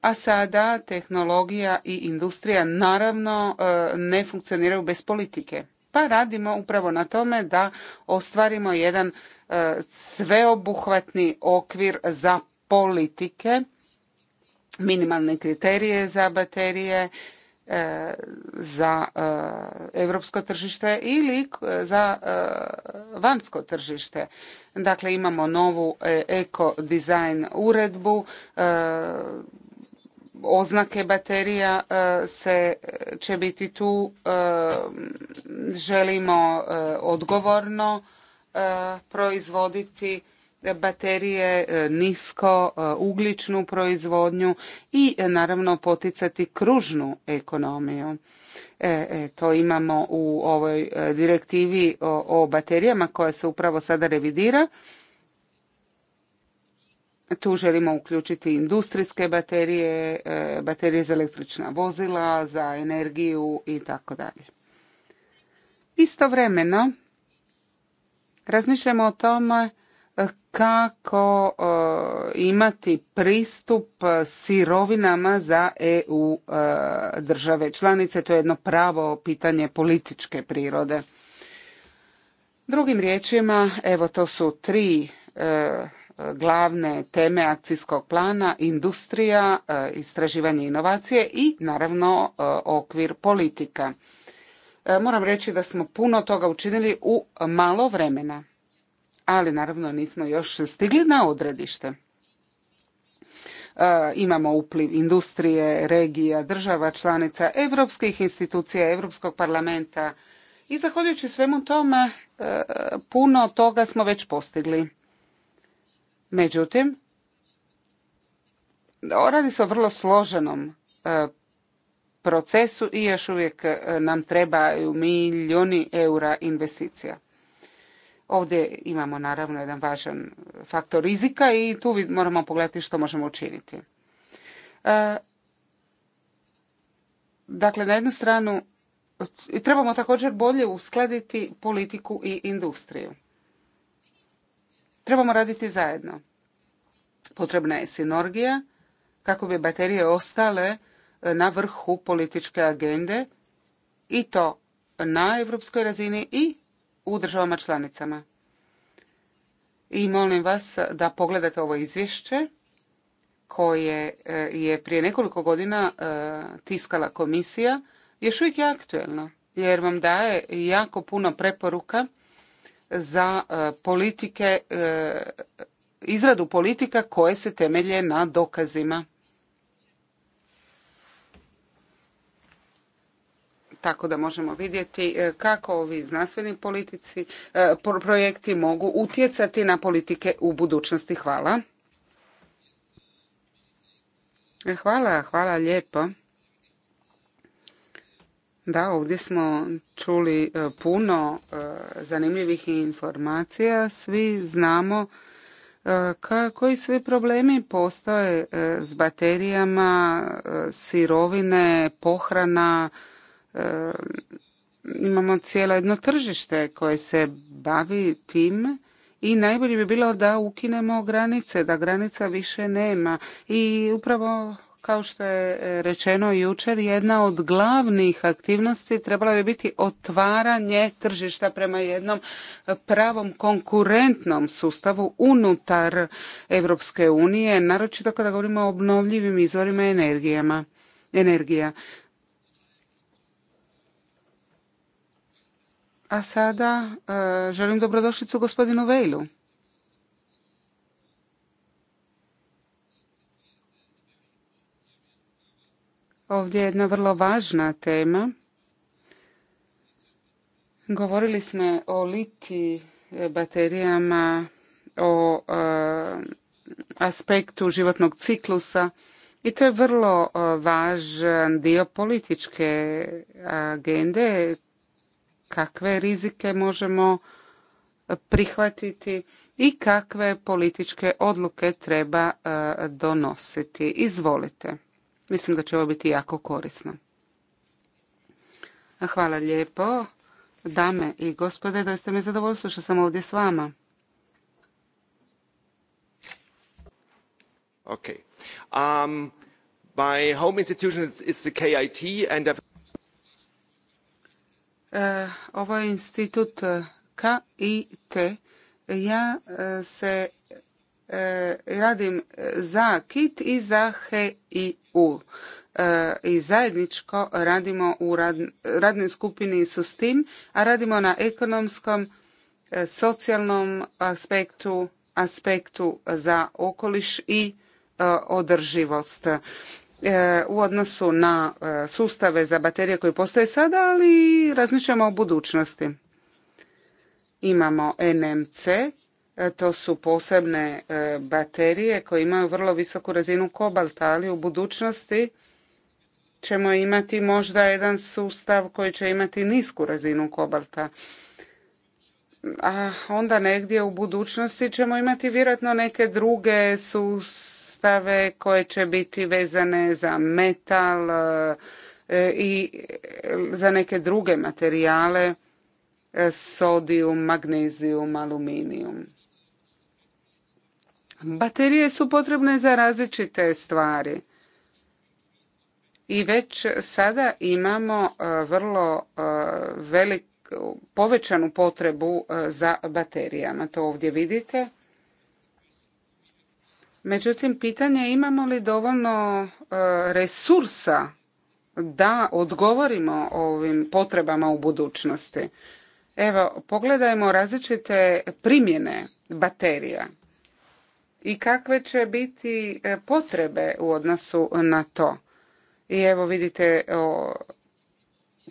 a sada tehnologija i industrija naravno e, ne funkcioniraju bez politike. Pa radimo upravo na tome da ostvarimo jedan e, sveobuhvatni okvir za politike, minimalne kriterije za baterije, e, za europsko tržište ili za vansko tržište. Dakle, imamo novu eko-dizajn uredbu, oznake baterija e, se će biti tu e, želimo e, odgovorno proizvoditi baterije, nisko ugličnu proizvodnju i naravno poticati kružnu ekonomiju. to imamo u ovoj direktivi o, o baterijama koja se upravo sada revidira tu želimo uključiti industrijske baterije, e, baterije za električna vozila, za energiju i tako dalje. Istovremeno razmišljamo o tome e, kako e, imati pristup sirovinama za EU države članice. To je jedno pravo pitanje političke prirode. Drugim riječima, evo to su tri glavne teme akcijskog plana, industrija, e, istraživanje inovacije i naravno e, okvir politika. E, moram reći da smo puno toga učinili u malo vremena, ali naravno nismo još stigli na odredište. Imamo upliv industrije, regija, država, članica, evropskih institucija, Evropskog parlamenta i zahvaljujući svemu tome puno toga smo već postigli Međutim, radi se o vrlo složenom e, procesu i još uvijek e, nam trebaju milijuni eura investicija. Ovdje imamo naravno jedan važan faktor rizika i tu moramo pogledati što možemo učiniti. E, dakle, na jednu stranu trebamo također bolje uskladiti politiku i industriju. Trebamo raditi zajedno. Potrebna je sinergija kako bi baterije ostale e, na vrhu političke agende i to na europskoj razini i u državama članicama. I molim vas da pogledate ovo izvješće koje e, je prije nekoliko godina e, tiskala komisija, još uvijek je aktuelno jer vam daje jako puno preporuka za e, politike, e, izradu politika koje se temelje na dokazima. tako da možemo vidjeti e, kako ovi znanstveni politici, projekti mogu utjecati na politike u budućnosti. Hvala. Hvala, hvala lijepo. Da, ovdje smo čuli e, puno e, zanimljivih informacija. Svi znamo e, koji svi problemi postoje s baterijama, sirovine, pohrana. Imamo cijelo jedno tržište koje se bavi tim i najbolje bi bilo da ukinemo granice, da granica više nema. I upravo kao što je e, rečeno jučer, jedna od glavnih aktivnosti trebala bi biti otvaranje tržišta prema jednom pravom konkurentnom sustavu unutar Europske unije, naročito kada govorimo o obnovljivim izvorima energijama, energija. A sada e, želim dobrodošlicu gospodinu Vejlu. Ovdje je jedna vrlo važna tema. Govorili smo o liti baterijama, o e, aspektu životnog ciklusa i to je vrlo e, važan dio političke agende kakve rizike možemo prihvatiti i kakve političke odluke treba e, donositi. Izvolite. Mislim da će ovo biti jako korisno. Hvala lijepo. Dame i gospode, ste mi zadovoljstvo što sam ovdje s vama. ok Um, my home institution is the KIT and e, ovo je institut KIT. Ja e, se E, radim e, za KIT i za HIU. E, I zajedničko radimo u radnoj skupini su s tim, a radimo na ekonomskom, socijalnom aspektu, aspektu za okoliš i održivost u odnosu na sustave za baterije koje postoje sada, ali razmišljamo o budućnosti. Imamo NMC to su posebne e, baterije koje imaju vrlo visoku razinu kobalta, ali u budućnosti ćemo imati možda jedan sustav koji će imati nisku razinu kobalta. A onda negdje u budućnosti ćemo imati vjerojatno neke druge sustave koje će biti vezane za metal e, i za neke druge materijale, e, sodium, magnezijum, aluminijum. Baterije su potrebne za različite stvari. I već sada imamo e, vrlo e, velik, povećanu potrebu e, za baterijama. To ovdje vidite. Međutim, pitanje je imamo li dovoljno resursa da odgovorimo ovim potrebama u budućnosti. Evo, pogledajmo različite primjene baterija i kakve će biti e, potrebe u odnosu na to. I evo vidite,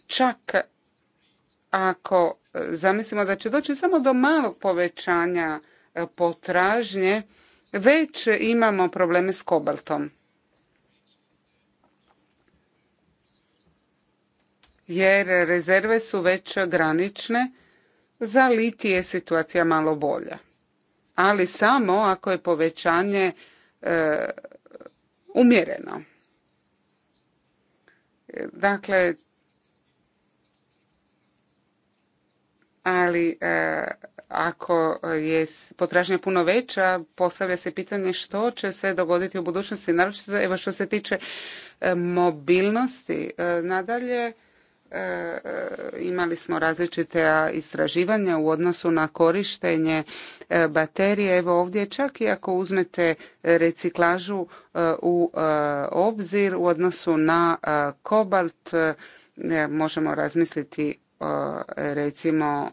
čak ako zamislimo da će doći samo do malog povećanja e, potražnje, već imamo probleme s kobaltom. Jer rezerve su već granične, za litije je situacija malo bolja ali samo ako je povećanje e, umjereno. Dakle, ali e, ako je potražnja puno veća, postavlja se pitanje što će se dogoditi u budućnosti, naročito evo što se tiče e, mobilnosti. Nadalje, E, imali smo različite istraživanja u odnosu na korištenje e, baterije. Evo ovdje čak i ako uzmete reciklažu e, u obzir u odnosu na kobalt, možemo razmisliti recimo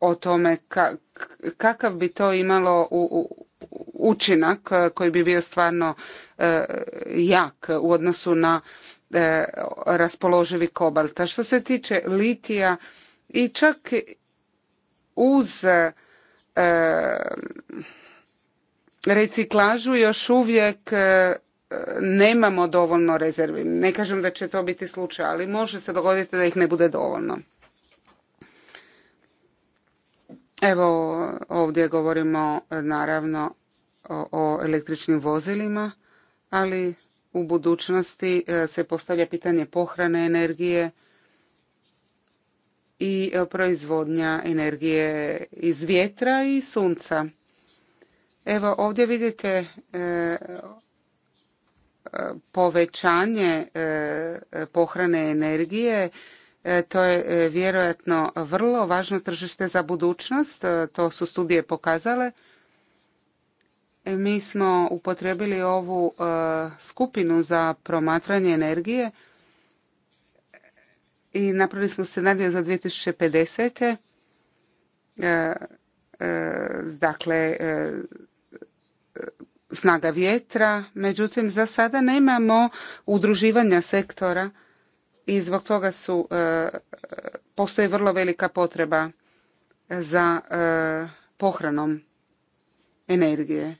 o tome kakav bi to imalo u učinak koji bi bio stvarno jak u odnosu na E, raspoloživi kobalta. Što se tiče litija i čak uz e, reciklažu još uvijek e, nemamo dovoljno rezervi. Ne kažem da će to biti slučaj, ali može se dogoditi da ih ne bude dovoljno. Evo ovdje govorimo naravno o električnim vozilima, ali u budućnosti e, se postavlja pitanje pohrane energije i e, proizvodnja energije iz vjetra i sunca. Evo ovdje vidite e, povećanje pohrane energije. To je vjerojatno vrlo važno tržište za budućnost. To su studije pokazale mi smo upotrebili ovu e, skupinu za promatranje energije i napravili smo scenariju za 2050. E, e, dakle, snaga vjetra, međutim za sada nemamo udruživanja sektora i zbog toga su, postoji vrlo velika potreba za pohranom energije.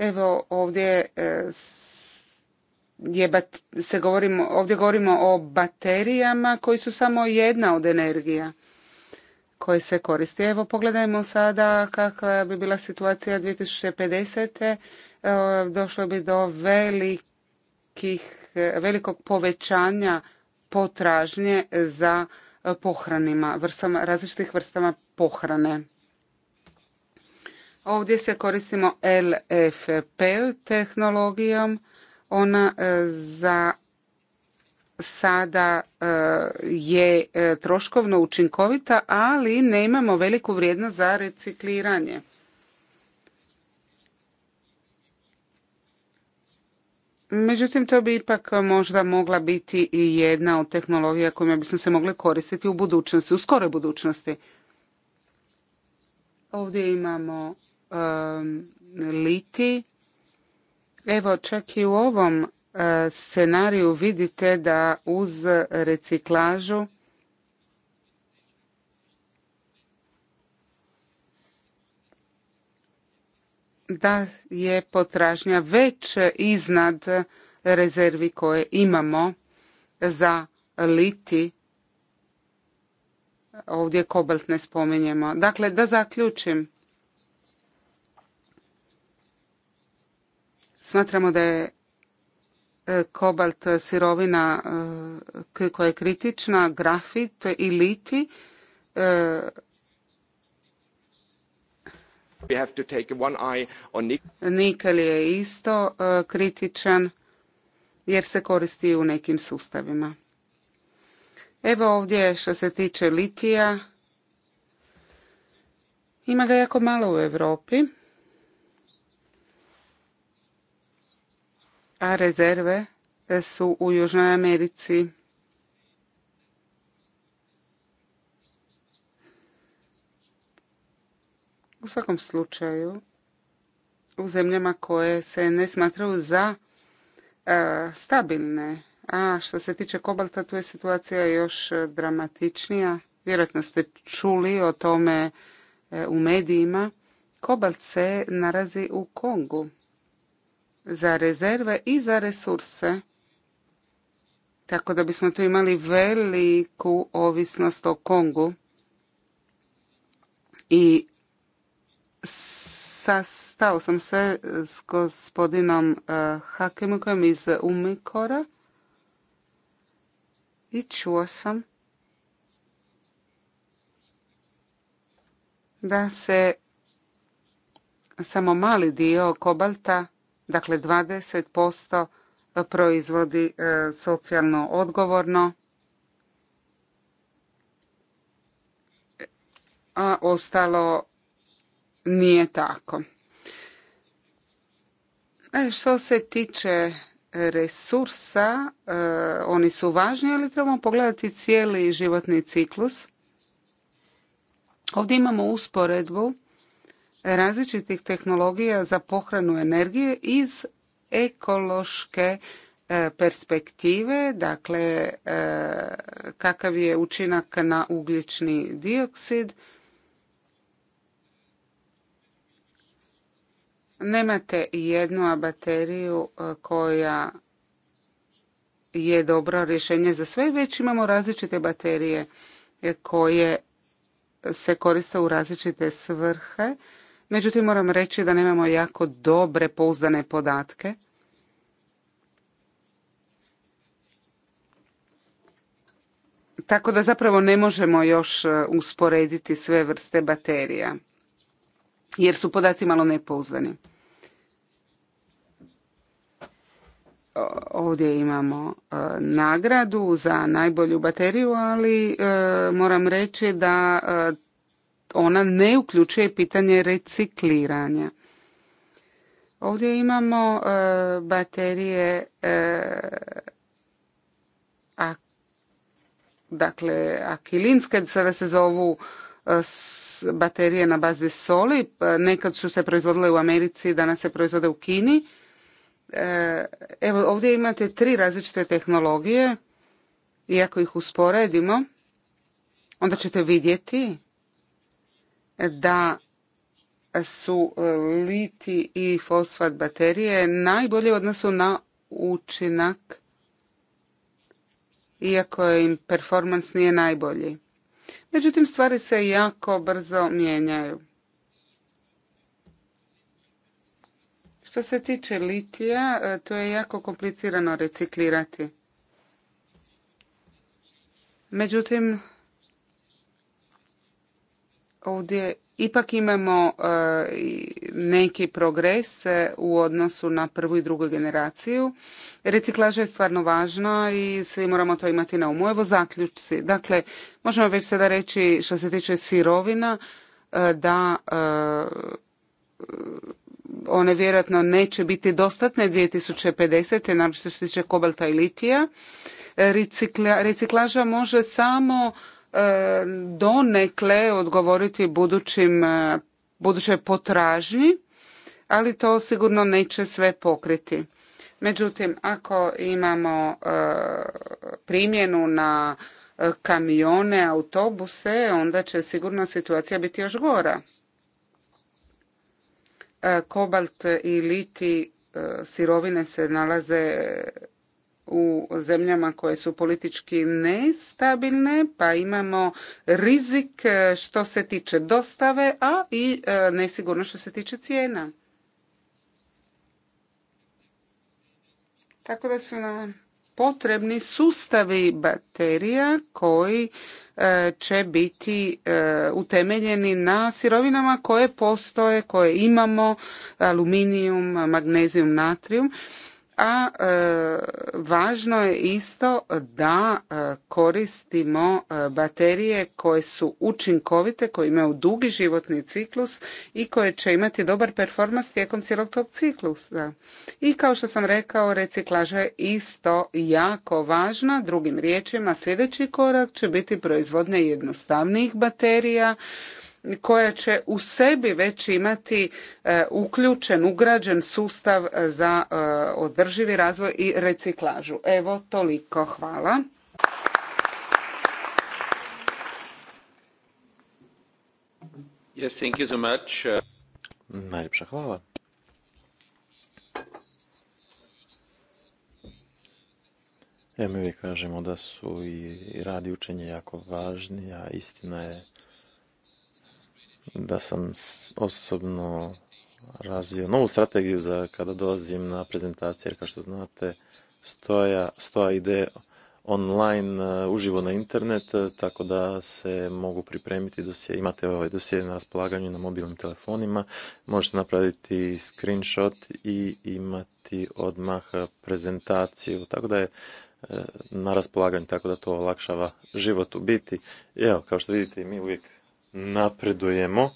Evo ovdje e, je, se govorimo, ovdje govorimo o baterijama koji su samo jedna od energija koje se koristi. Evo pogledajmo sada kakva bi bila situacija 2050. E, došlo bi do velikih, velikog povećanja potražnje za pohranima, vrstama, različitih vrstama pohrane. Ovdje se koristimo LFP tehnologijom. Ona e, za sada e, je e, troškovno učinkovita, ali nemamo veliku vrijednost za recikliranje. Međutim, to bi ipak možda mogla biti i jedna od tehnologija kojima bismo se mogli koristiti u budućnosti, u skoroj budućnosti. Ovdje imamo Um, liti. Evo, čak i u ovom uh, scenariju vidite da uz reciklažu da je potražnja već iznad rezervi koje imamo za liti. Ovdje kobalt ne spominjemo. Dakle, da zaključim. Smatramo da je e, kobalt sirovina e, koja je kritična, grafit i liti. E, nikel je isto kritičan jer se koristi u nekim sustavima. Evo ovdje što se tiče litija. Ima ga jako malo u Europi. a rezerve su u Južnoj Americi. U svakom slučaju, u zemljama koje se ne smatraju za e, stabilne. A što se tiče kobalta, tu je situacija još dramatičnija. Vjerojatno ste čuli o tome e, u medijima. Kobalt se narazi u Kongu za rezerve i za resurse. Tako da bismo tu imali veliku ovisnost o Kongu. I sastao sam se s gospodinom eh, Hakemukom iz Umikora i čuo sam da se samo mali dio kobalta Dakle, 20% e, proizvodi e, socijalno odgovorno, a ostalo nije tako. E, što se tiče resursa, oni su važni, ali trebamo pogledati cijeli životni ciklus. Ovdje imamo usporedbu različitih tehnologija za pohranu energije iz ekološke e, perspektive, dakle e, kakav je učinak na ugljični dioksid. Nemate jednu bateriju e, koja je dobro rješenje za sve, već imamo različite baterije koje se koriste u različite svrhe Međutim, moram reći da nemamo jako dobre pouzdane podatke. Tako da zapravo ne možemo još e, usporediti sve vrste baterija, jer su podaci malo nepouzdani. Ovdje imamo e, nagradu za najbolju bateriju, ali e, moram reći da ona ne uključuje pitanje recikliranja. Ovdje imamo e, baterije e, a, dakle akilinske sada se zovu e, baterije na bazi soli. Nekad su se proizvodile u Americi, danas se proizvode u Kini. Evo ovdje imate tri različite tehnologije i ako ih usporedimo, onda ćete vidjeti da su e, liti i fosfat baterije najbolje u odnosu na učinak iako im performans nije najbolji. Međutim, stvari se jako brzo mijenjaju. Što se tiče litija, e, to je jako komplicirano reciklirati. Međutim, ovdje ipak imamo e, neki progres u odnosu na prvu i drugu generaciju. Reciklaža je stvarno važna i svi moramo to imati na umu. Evo zaključci. Dakle, možemo već sada reći što se tiče sirovina e, da e, one vjerojatno neće biti dostatne 2050. naročito što se tiče kobalta i litija. reciklaža može samo E, donekle odgovoriti budućim, e, budućoj potražnji, ali to sigurno neće sve pokriti. Međutim, ako imamo e, primjenu na kamione, autobuse, onda će sigurno situacija biti još gora. Kobalt i liti sirovine se nalaze u zemljama koje su politički nestabilne, pa imamo rizik e, što se tiče dostave, a i e, nesigurno što se tiče cijena. Tako da su nam potrebni sustavi baterija koji e, će biti utemeljeni na sirovinama koje postoje, koje imamo, aluminijum, magnezijum, natrijum a e, važno je isto da e, koristimo e, baterije koje su učinkovite, koje imaju dugi životni ciklus i koje će imati dobar performans tijekom cijelog tog ciklusa. I kao što sam rekao, reciklaža je isto jako važna. Drugim riječima, sljedeći korak će biti proizvodnja jednostavnijih baterija, koja će u sebi već imati e, uključen, ugrađen sustav e, za e, održivi razvoj i reciklažu. Evo, toliko. Hvala.
Yes, thank
Najljepša hvala. mi uvijek kažemo da su i radi i učenje jako važni, a istina je da sam osobno razvio novu strategiju za kada dolazim na prezentacije, jer kao što znate, stoja, stoja ide online, e, uživo na internet, e, tako da se mogu pripremiti dosije. Imate ovaj dosije na raspolaganju na mobilnim telefonima, možete napraviti screenshot i imati odmah prezentaciju, tako da je e, na raspolaganju, tako da to olakšava život u biti. Evo, kao što vidite, mi uvijek napredujemo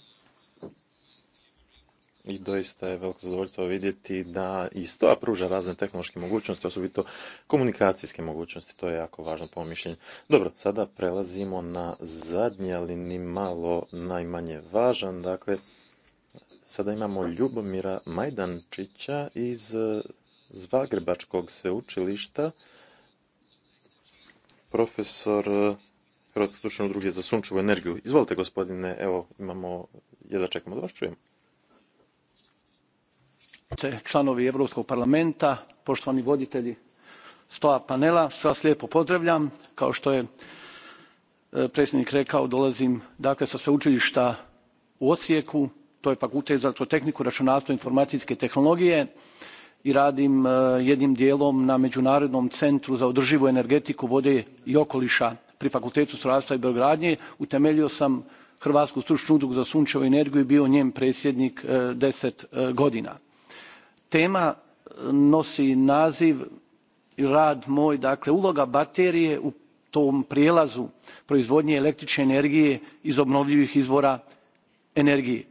i doista je veliko zadovoljstvo vidjeti da i stoja pruža razne tehnološke mogućnosti, osobito komunikacijske mogućnosti, to je jako važno po mišljenju. Dobro, sada prelazimo na zadnji, ali ni malo najmanje važan, dakle, sada imamo Ljubomira Majdančića iz Zagrebačkog sveučilišta, profesor hrvatske slučajno druge za sunčevu energiju. Izvolite, gospodine, evo, imamo, jedva čekamo da vas čujem.
Članovi Europskog parlamenta, poštovani voditelji stoa panela, sve vas lijepo pozdravljam. Kao što je e, predsjednik rekao, dolazim dakle sa sveučilišta u Osijeku, to je fakultet za elektrotehniku, računarstvo i informacijske tehnologije i radim e, jednim dijelom na Međunarodnom centru za održivu energetiku vode i okoliša pri Fakultetu strojarstva i brodogradnje utemeljio sam Hrvatsku stručnu udrugu za sunčevu energiju i bio njen predsjednik e, deset e, godina. Tema e, nosi naziv i rad moj, dakle uloga baterije u tom prijelazu proizvodnje električne energije iz obnovljivih izvora energije.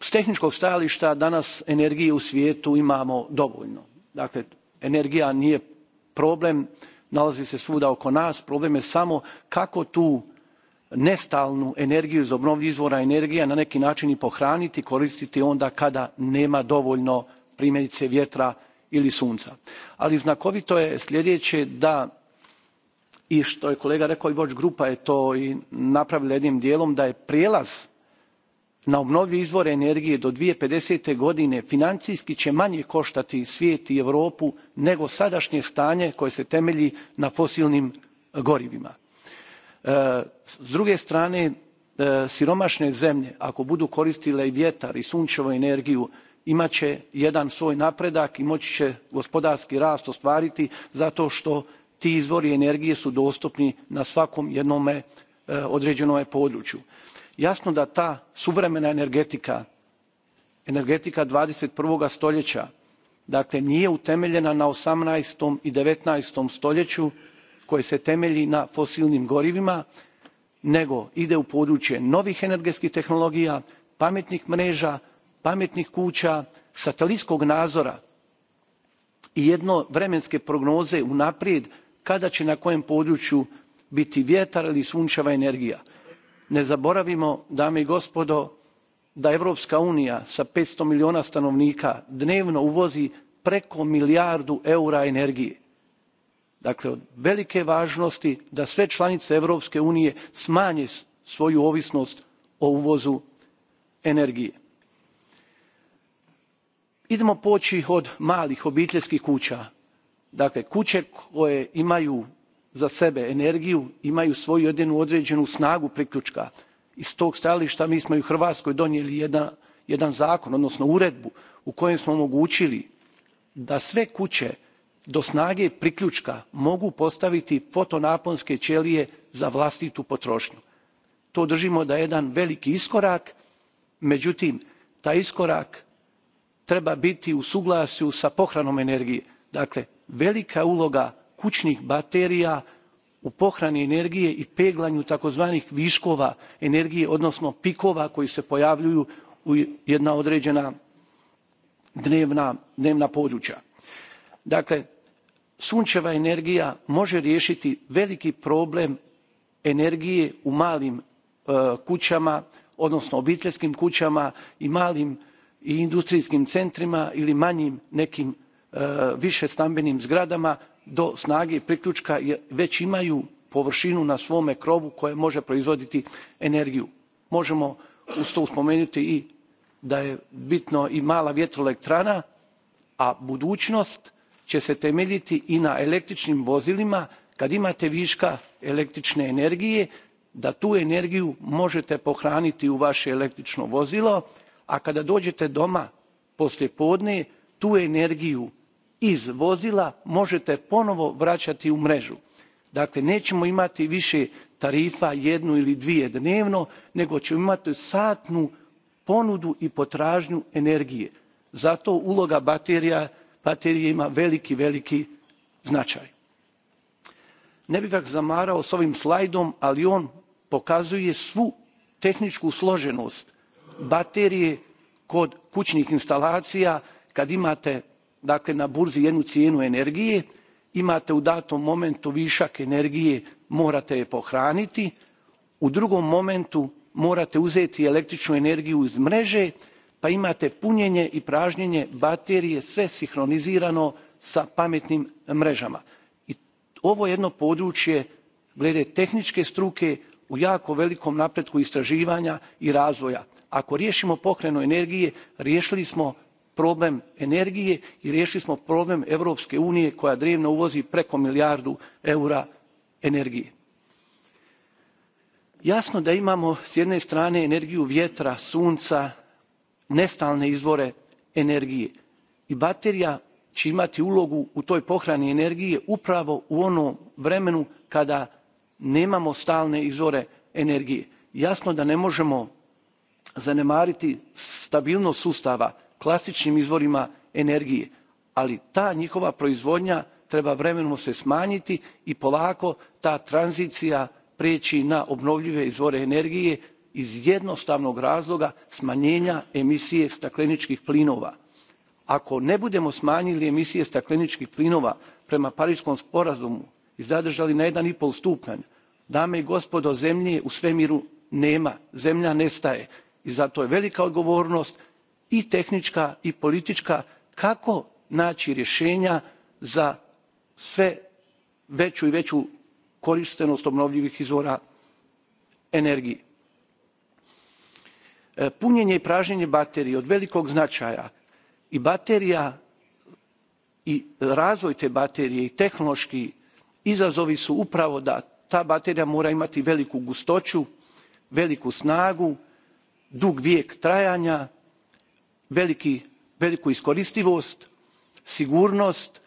s tehničkog stajališta danas energije u svijetu imamo dovoljno. Dakle, energija nije problem nalazi se svuda oko nas, problem je samo kako tu nestalnu energiju iz obnovljivih izvora energija na neki način i pohraniti, koristiti onda kada nema dovoljno primjerice vjetra ili sunca. Ali znakovito je sljedeće da i što je kolega rekao i Watch grupa je to i napravila jednim dijelom da je prijelaz na obnovljive izvore energije do. two godine financijski će manje koštati svijet i europu nego sadašnje stanje koje se temelji na fosilnim gorivima. E, s druge strane e, siromašne zemlje ako budu koristile i vjetar i sunčevu energiju imat će jedan svoj napredak i moći će gospodarski rast ostvariti zato što ti izvori energije su dostupni na svakom jednome e, određenome području jasno da ta suvremena energetika, energetika 21. stoljeća, dakle nije utemeljena na 18. i 19. stoljeću koje se temelji na fosilnim gorivima, nego ide u područje novih energetskih tehnologija, pametnih mreža, pametnih kuća, satelitskog nadzora i jedno vremenske prognoze unaprijed kada će na kojem području biti vjetar ili sunčeva energija ne zaboravimo dame i gospodo da europska unija sa 500 milijuna stanovnika dnevno uvozi preko milijardu eura energije. Dakle, od velike važnosti da sve članice Europske unije smanje svoju ovisnost o uvozu energije. Idemo poći od malih obiteljskih kuća. Dakle, kuće koje imaju za sebe energiju imaju svoju jedinu određenu snagu priključka iz tog stajališta mi smo i u hrvatskoj donijeli jedan, zakon odnosno uredbu u kojem smo omogućili da sve kuće do snage priključka mogu postaviti fotonaponske ćelije za vlastitu potrošnju to držimo da je jedan veliki iskorak međutim taj iskorak treba biti u suglasju sa pohranom energije dakle velika uloga kućnih baterija u pohrani energije i peglanju takozvanih viškova energije odnosno pikova koji se pojavljuju u jedna određena dnevna, dnevna područja. Dakle, sunčeva energija može riješiti veliki problem energije u malim e, kućama, odnosno obiteljskim kućama i malim i industrijskim centrima ili manjim nekim e, više stambenim zgradama do snage priključka već imaju površinu na svome krovu koja može proizvoditi energiju. Možemo uz to spomenuti i da je bitno i mala vjetroelektrana, a budućnost će se temeljiti i na električnim vozilima kad imate viška električne energije da tu energiju možete pohraniti u vaše električno vozilo, a kada dođete doma poslijepodne tu energiju iz vozila možete ponovo vraćati u mrežu. Dakle, nećemo imati više tarifa jednu ili dvije dnevno, nego ćemo imati satnu ponudu i potražnju energije. Zato uloga baterije ima veliki, veliki značaj. Ne bih vas zamarao s ovim slajdom, ali on pokazuje svu tehničku složenost baterije kod kućnih instalacija kad imate dakle na burzi jednu cijenu energije, imate u datom momentu višak energije, morate je pohraniti, u drugom momentu morate uzeti električnu energiju iz mreže, pa imate punjenje i pražnjenje baterije, sve sinhronizirano sa pametnim mrežama. I ovo je jedno područje glede tehničke struke u jako velikom napretku istraživanja i razvoja. Ako riješimo pokrenu energije, riješili smo problem energije i riješili smo problem Europske unije koja drevno uvozi preko milijardu eura energije. Jasno da imamo s jedne strane energiju vjetra, sunca, nestalne izvore energije i baterija će imati ulogu u toj pohrani energije upravo u onom vremenu kada nemamo stalne izvore energije. Jasno da ne možemo zanemariti stabilnost sustava klasičnim izvorima energije ali ta njihova proizvodnja treba vremenom se smanjiti i polako ta tranzicija prijeći na obnovljive izvore energije iz jednostavnog razloga smanjenja emisije stakleničkih plinova. Ako ne budemo smanjili emisije stakleničkih plinova prema Pariškom sporazumu i zadržali na 1,5 stupanj, dame i gospodo, zemlje u svemiru nema, zemlja nestaje i zato je velika odgovornost i tehnička i politička kako naći rješenja za sve veću i veću korištenost obnovljivih izvora energije. E, punjenje i pražnjenje baterije od velikog značaja i baterija i razvoj te baterije i tehnološki izazovi su upravo da ta baterija mora imati veliku gustoću, veliku snagu, dug vijek trajanja, veliku iskoristivost sigurnost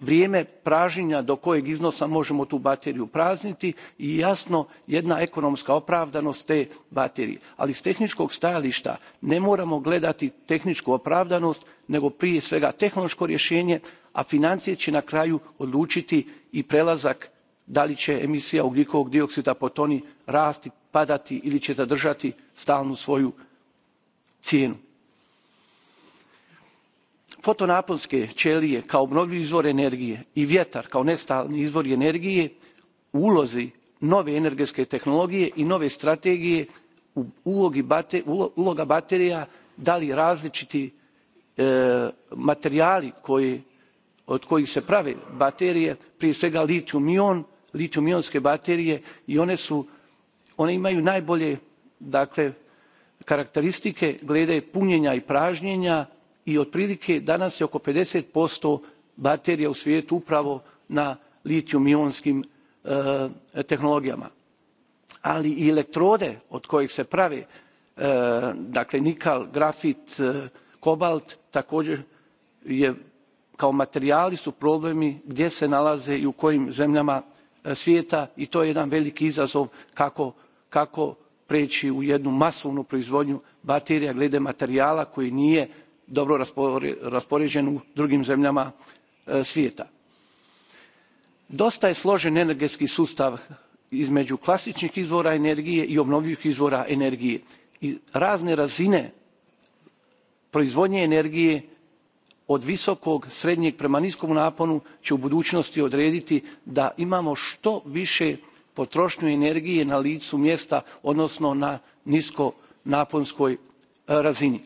vrijeme pražnjenja do kojeg iznosa možemo tu bateriju prazniti i jasno jedna ekonomska opravdanost te baterije ali s tehničkog stajališta ne moramo gledati tehničku opravdanost nego prije svega tehnološko rješenje a financije će na kraju odlučiti i prelazak da li će emisija ugljikovog dioksida po toni rasti padati ili će zadržati stalnu svoju cijenu fotonaponske ćelije kao obnovljivi izvor energije i vjetar kao nestalni izvor energije u ulozi nove energetske tehnologije i nove strategije u uloga baterija da li različiti e, materijali od kojih se prave baterije, prije svega litijum ion, ionske baterije i one su, one imaju najbolje dakle karakteristike glede punjenja i pražnjenja i otprilike danas je oko 50% baterija u svijetu upravo na litijum ionskim e, tehnologijama. Ali i elektrode od kojih se prave, e, dakle nikal, grafit, e, kobalt, također je kao materijali su problemi gdje se nalaze i u kojim zemljama svijeta i to je jedan veliki izazov kako, kako preći u jednu masovnu proizvodnju baterija glede materijala koji nije dobro raspoređen u drugim zemljama e, svijeta. Dosta je složen energetski sustav između klasičnih izvora energije i obnovljivih izvora energije i razne razine proizvodnje energije od visokog, srednjeg prema niskom naponu će u budućnosti odrediti da imamo što više potrošnju energije na licu mjesta odnosno na niskonaponskoj e, razini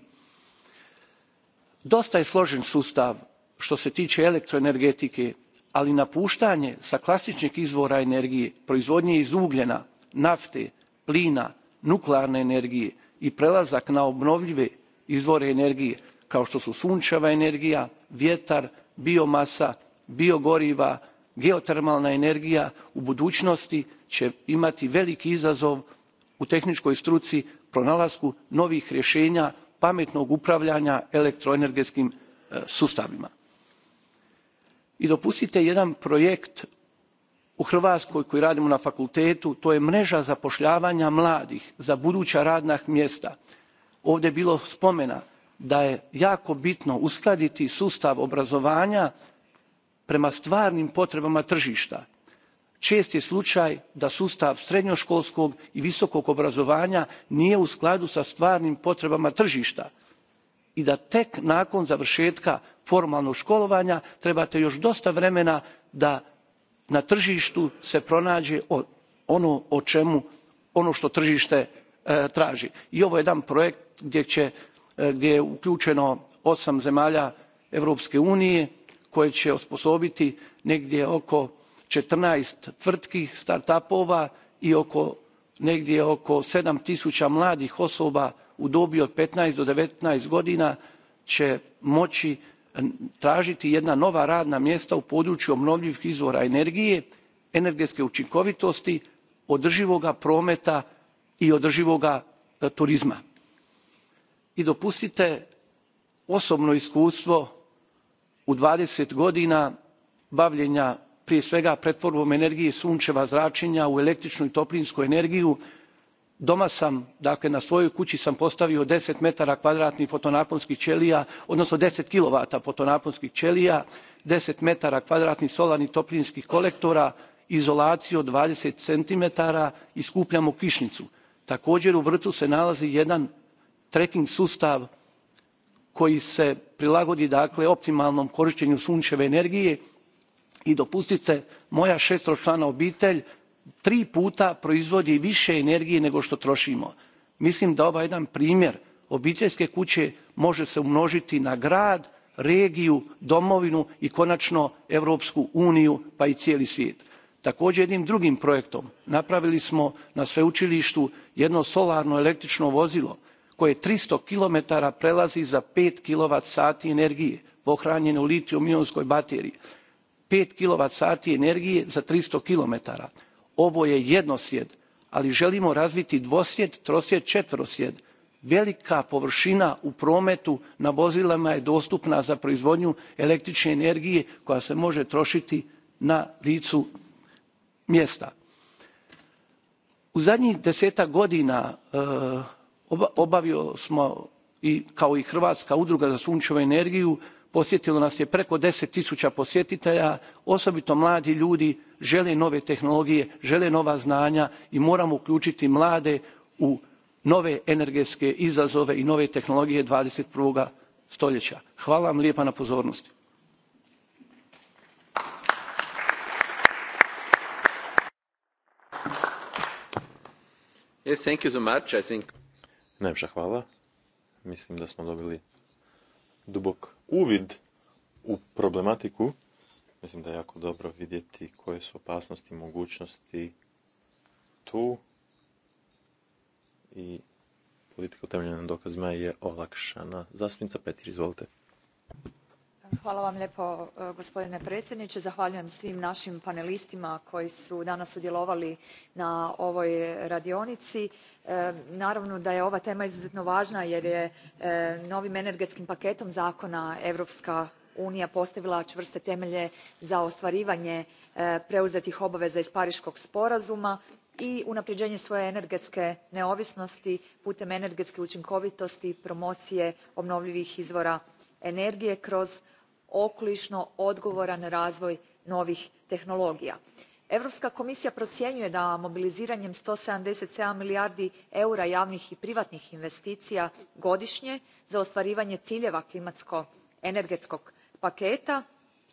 dosta je složen sustav što se tiče elektroenergetike ali napuštanje sa klasičnih izvora energije proizvodnje iz ugljena nafte plina nuklearne energije i prelazak na obnovljive izvore energije kao što su sunčeva energija vjetar biomasa biogoriva geotermalna energija u budućnosti će imati veliki izazov u tehničkoj struci pronalasku novih rješenja pametnog upravljanja elektroenergetskim e, sustavima. I dopustite jedan projekt u Hrvatskoj koji radimo na fakultetu, to je mreža zapošljavanja mladih za buduća radna mjesta. Ovdje je bilo spomena da je jako bitno uskladiti sustav obrazovanja prema stvarnim potrebama tržišta čest je slučaj da sustav srednjoškolskog i visokog obrazovanja nije u skladu sa stvarnim potrebama tržišta i da tek nakon završetka formalnog školovanja trebate još dosta vremena da na tržištu se pronađe ono o čemu ono što tržište e, traži. I ovo je jedan projekt gdje, će, e, gdje je uključeno osam zemalja Europske unije koje će osposobiti negdje oko 14 tvrtki, startupova i oko negdje oko 7000 mladih osoba u dobi od 15 do 19 godina će moći tražiti jedna nova radna mjesta u području obnovljivih izvora energije, energetske učinkovitosti, održivoga prometa i održivoga e, turizma. I dopustite osobno iskustvo u 20 godina bavljenja prije svega pretvorbom energije sunčeva zračenja u električnu i toplinsku energiju. Doma sam, dakle na svojoj kući sam postavio 10 metara kvadratnih fotonaponskih ćelija, odnosno 10 kilovata fotonaponskih ćelija, 10 metara kvadratnih solarnih toplinskih kolektora, izolaciju od 20 cm i skupljamo kišnicu. Također u vrtu se nalazi jedan trekking sustav koji se prilagodi dakle optimalnom korištenju sunčeve energije i dopustite moja šestročlana obitelj tri puta proizvodi više energije nego što trošimo. Mislim da ovaj jedan primjer obiteljske kuće može se umnožiti na grad, regiju, domovinu i konačno Europsku uniju pa i cijeli svijet. Također jednim drugim projektom napravili smo na sveučilištu jedno solarno električno vozilo koje 300 km prelazi za 5 kilovat sati energije pohranjene u litijum ionskoj bateriji. 5 sati energije za 300 km. Ovo je jednosjed, ali želimo razviti dvosjed, trosjed, četverosjed. Velika površina u prometu na vozilima je dostupna za proizvodnju električne energije koja se može trošiti na licu mjesta. U zadnjih desetak godina e, obavili smo i kao i Hrvatska udruga za sunčevu energiju Posjetilo nas je preko 10.000 posjetitelja, osobito mladi ljudi žele nove tehnologije, žele nova znanja i moramo uključiti mlade u nove energetske izazove i nove tehnologije 21. stoljeća. Hvala vam lijepa na pozornosti.
hvala. Mislim da smo dobili dubok uvid u problematiku. Mislim da je jako dobro vidjeti koje su opasnosti i mogućnosti tu i politika utemljena na dokazima je olakšana. Zastupnica Petir, izvolite.
Hvala vam lijepo e, gospodine predsjedniče. Zahvaljujem svim našim panelistima koji su danas sudjelovali na ovoj radionici. E, naravno da je ova tema izuzetno važna jer je e, novim energetskim paketom zakona Europska unija postavila čvrste temelje za ostvarivanje preuzetih obaveza iz Pariškog sporazuma i unapređenje svoje energetske neovisnosti putem energetske učinkovitosti i promocije obnovljivih izvora energije kroz okolišno odgovoran razvoj novih tehnologija. europska komisija procjenjuje da mobiliziranjem one hundred and seventy milijardi eura javnih i privatnih investicija godišnje za ostvarivanje ciljeva klimatsko energetskog paketa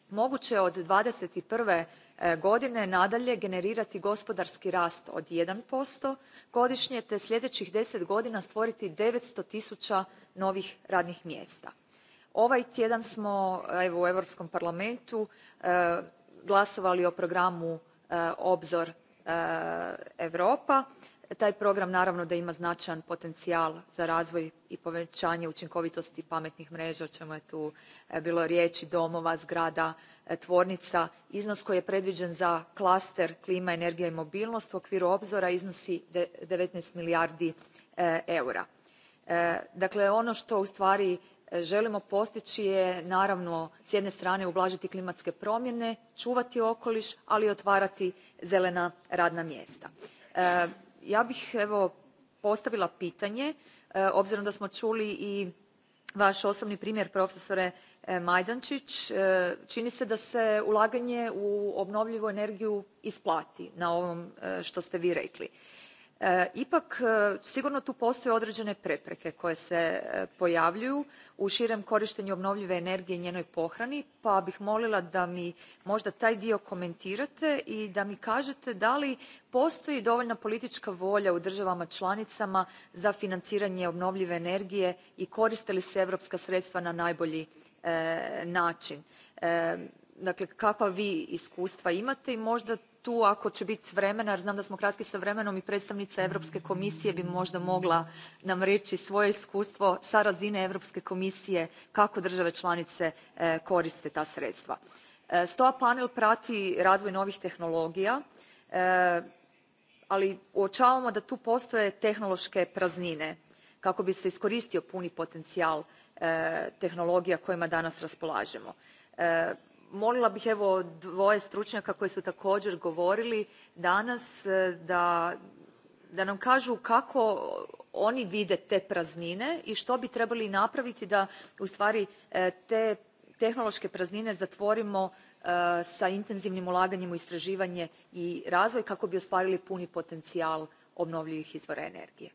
moguće je od. twenty one e, godine nadalje generirati gospodarski rast od one godišnje te sljedećih deset godina stvoriti nine hundred novih radnih mjesta ovaj tjedan smo u europskom parlamentu e, glasovali o programu e, obzor e, europa. taj program naravno da ima značajan potencijal za razvoj i povećanje učinkovitosti pametnih mreža, o čemu je tu bilo riječi, domova zgrada tvornica. iznos koji je predviđen za klaster klima energija i mobilnost u okviru obzora iznosi devetnaest milijardi eura. dakle ono to ustvari želimo postići je naravno s jedne strane ublažiti klimatske promjene čuvati okoliš ali i otvarati zelena radna mjesta. E, ja bih evo postavila pitanje e, obzirom da smo čuli i vaš osobni primjer profesore e, majdančić čini se da se ulaganje u obnovljivu energiju isplati na ovom što ste vi rekli. E, ipak e, sigurno tu postoje određene prepreke koje se e, pojavljuju u širem korištenju obnovljive energije i njenoj pohrani pa bih molila da mi možda taj dio komentirate i da mi kažete da li postoji dovoljna politička volja u državama članicama za financiranje obnovljive energije i koriste li se europska sredstva na najbolji način. dakle kakva vi iskustva imate i možda tu ako će biti vremena jer znam da smo kratki sa vremenom i predstavnica europske komisije bi možda mogla nam reći svoje iskustvo sa razine europske komisije kako države članice e, koriste ta sredstva. E, stoa panel prati razvoj novih tehnologija e, ali uočavamo da tu postoje tehnološke praznine kako bi se iskoristio puni potencijal tehnologija kojima danas raspolažemo molila bih evo dvoje stručnjaka koji su također govorili danas e, da, nam kažu kako oni vide te praznine i što bi trebali napraviti da ustvari e, te tehnološke praznine zatvorimo e, sa intenzivnim ulaganjem u istraživanje i razvoj kako bi ostvarili puni potencijal obnovljivih izvora energije.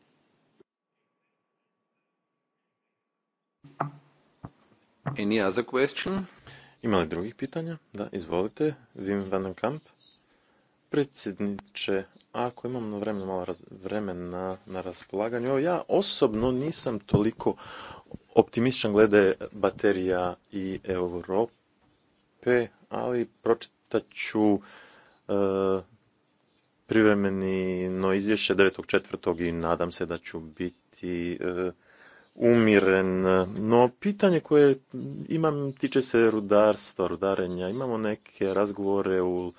Ima li drugih pitanja? Da, izvolite. Wim van Kamp. Predsjedniče, ako imam vremena, malo vremena na raspolaganju, ja osobno nisam toliko optimističan glede baterija i Europe, ali pročitat ću e, privremeni no izvješće 9.4. i nadam se da ću biti e, umiren. No, pitanje koje imam tiče se rudarstva, rudarenja. Imamo neke razgovore u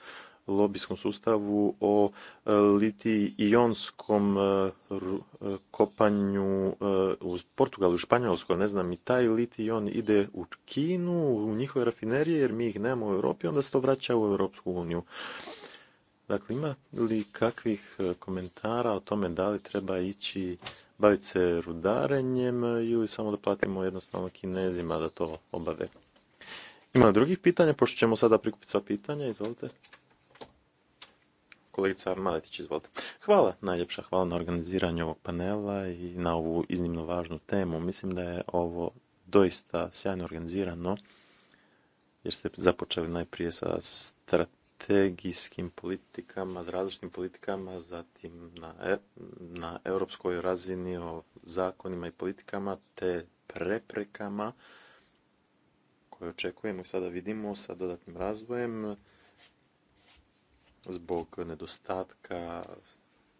lobijskom sustavu o e, litijonskom e, e, kopanju u Portugalu u Španjolskoj, ne znam, i taj litijon ide u Kinu, u njihove rafinerije, jer mi ih nemamo u Europi, onda se to vraća u Europsku uniju. Dakle, ima li kakvih komentara o tome da li treba ići baviti se rudarenjem ili samo da platimo jednostavno kinezima da to obave. Ima drugih pitanja, pošto ćemo sada prikupiti sva pitanja, izvolite. Kolegica Maletić, izvolite. Hvala, najljepša hvala na organiziranju ovog panela i na ovu iznimno važnu temu. Mislim da je ovo doista sjajno organizirano, jer ste započeli najprije sa strategijom strategijskim politikama, s različitim politikama, zatim na, e, na europskoj razini o zakonima i politikama te preprekama koje očekujemo i sada vidimo sa dodatnim razvojem zbog nedostatka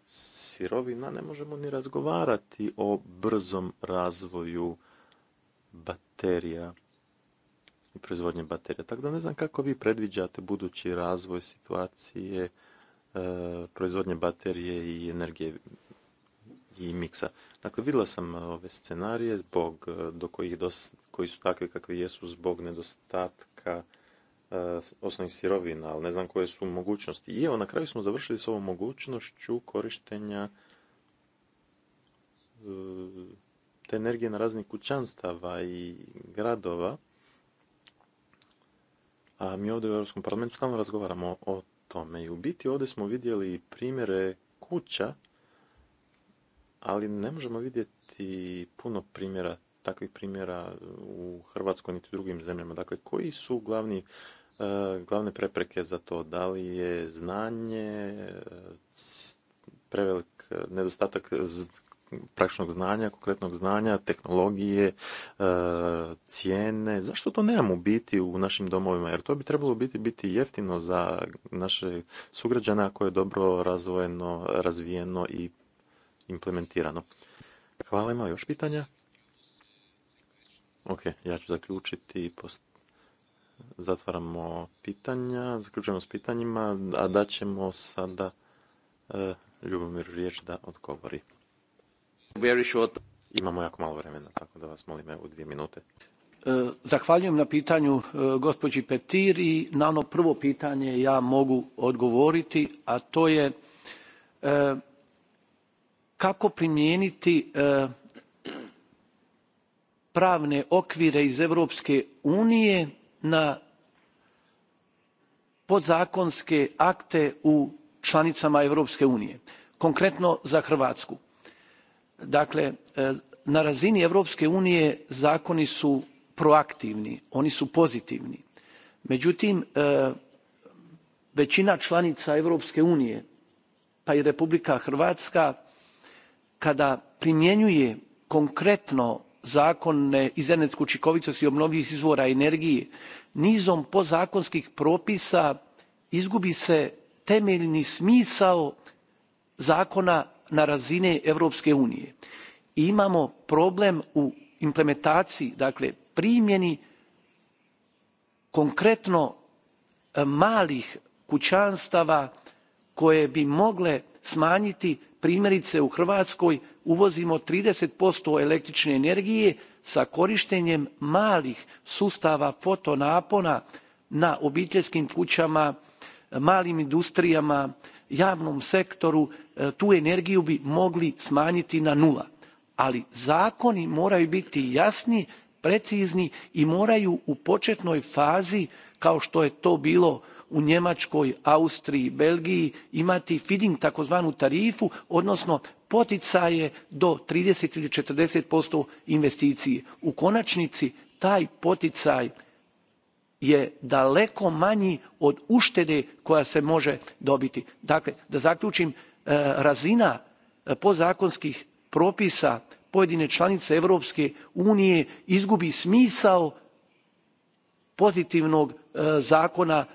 sirovina ne možemo ni razgovarati o brzom razvoju baterija i proizvodnje baterija. Tako da ne znam kako vi predviđate budući razvoj situacije e, proizvodnje baterije i energije i miksa. Dakle, vidjela sam e, ove scenarije zbog, e, do kojih dos, koji su takvi kakvi jesu zbog nedostatka osnovnih sirovina, ali ne znam koje su mogućnosti. I evo, na kraju smo završili s ovom mogućnošću korištenja te energije na raznih kućanstava i gradova a mi ovdje u Europskom parlamentu stalno razgovaramo o tome. I u biti ovdje smo vidjeli primjere kuća, ali ne možemo vidjeti puno primjera, takvih primjera u Hrvatskoj niti drugim zemljama. Dakle, koji su glavni e, glavne prepreke za to? Da li je znanje, e, prevelik e, nedostatak praktičnog znanja, konkretnog znanja, tehnologije, e, cijene. Zašto to nemamo biti u našim domovima? Jer to bi trebalo biti, biti jeftino za naše sugrađane ako je dobro razvojeno, razvijeno i implementirano. Hvala, ima još pitanja? Ok, ja ću zaključiti post zatvaramo pitanja, zaključujemo s pitanjima, a daćemo sada e, Ljubomir riječ da odgovori. Imamo jako malo vremena, tako da vas molim u dvije minute.
E, zahvaljujem na pitanju e, gospođi Petir i na ono prvo pitanje ja mogu odgovoriti, a to je e, kako primijeniti pravne okvire iz Europske unije na podzakonske akte u članicama Europske unije, konkretno za Hrvatsku. Dakle, e, na razini Europske unije zakoni su proaktivni, oni su pozitivni. Međutim, e, većina članica Europske unije, pa i Republika Hrvatska, kada primjenjuje konkretno zakone iz energetske učinkovitosti obnovljivih izvora energije, nizom podzakonskih propisa izgubi se temeljni smisao zakona na razini Europske unije. imamo problem u implementaciji, dakle primjeni konkretno e, malih kućanstava koje bi mogle smanjiti primjerice u Hrvatskoj uvozimo 30% električne energije sa korištenjem malih sustava fotonapona na obiteljskim kućama malim industrijama, javnom sektoru, e, tu energiju bi mogli smanjiti na nula. Ali zakoni moraju biti jasni, precizni i moraju u početnoj fazi, kao što je to bilo u Njemačkoj, Austriji, Belgiji imati feeding takozvanu tarifu, odnosno poticaje do 30 ili 40% investicije. U konačnici taj poticaj je daleko manji od uštede koja se može dobiti. Dakle, da zaključim, e, razina e, pozakonskih propisa pojedine članice Evropske unije izgubi smisao pozitivnog e, zakona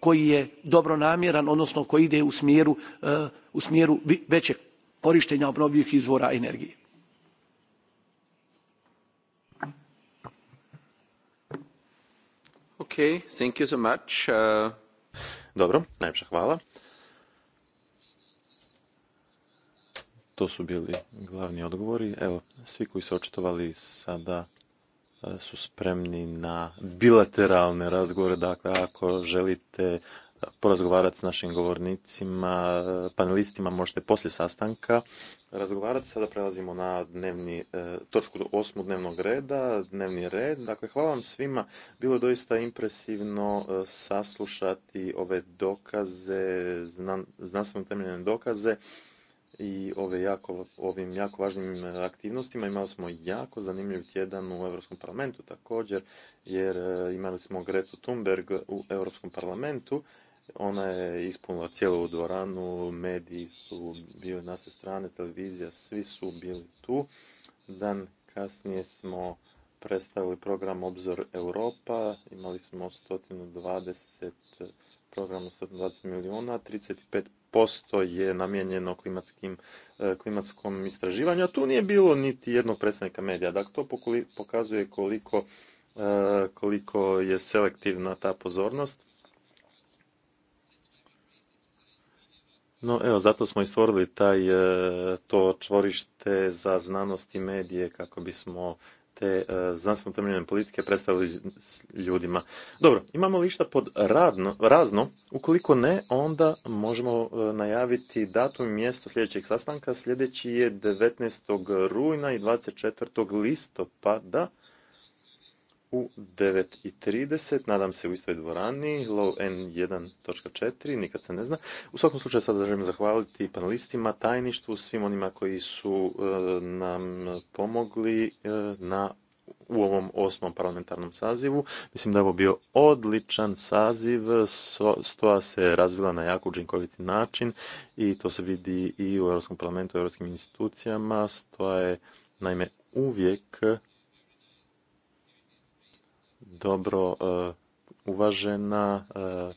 koji je dobronamjeran, odnosno koji ide u smjeru, u smjeru većeg korištenja obnovljivih izvora energije.
thank you uh, Dobro, najljepša hvala. To su bili glavni odgovori. Evo, svi koji su očitovali sada uh, su spremni na bilateralne razgovore. Dakle, ako želite porazgovarati s našim govornicima, panelistima, možete poslije sastanka razgovarati. Sada prelazimo na dnevni, e, točku osmu dnevnog reda, dnevni red. Dakle, hvala vam svima. Bilo je doista impresivno e, saslušati ove dokaze, znanstveno temeljene dokaze i ove jako, ovim jako važnim e, aktivnostima. Imali smo jako zanimljiv tjedan u Europskom parlamentu također, jer imali smo Gretu Thunberg u Europskom parlamentu ona je ispunila cijelu dvoranu, mediji su bili na sve strane, televizija, svi su bili tu. Dan kasnije smo predstavili program Obzor Europa, imali smo 120 program 120 milijuna, 35% je namijenjeno klimatskim, e, klimatskom istraživanju, a tu nije bilo niti jednog predstavnika medija. Dakle, to pokazuje koliko, e, koliko je selektivna ta pozornost. No evo, zato smo i stvorili taj, e, to čvorište za znanost i medije kako bismo te e, znanstveno temeljene politike predstavili ljudima. Dobro, imamo li išta pod radno, razno? Ukoliko ne, onda možemo e, najaviti datum i mjesto sljedećeg sastanka. Sljedeći je 19. rujna i 24. listopada u 9.30, nadam se u istoj dvorani, low n1.4, nikad se ne zna. U svakom slučaju sada želim zahvaliti panelistima, tajništvu, svim onima koji su e, nam pomogli e, na u ovom osmom parlamentarnom sazivu. Mislim da je ovo bio odličan saziv, stoja se razvila na jako učinkoviti način i to se vidi i u Europskom parlamentu, u europskim institucijama, stoja je naime uvijek dobro e, uvažena. E,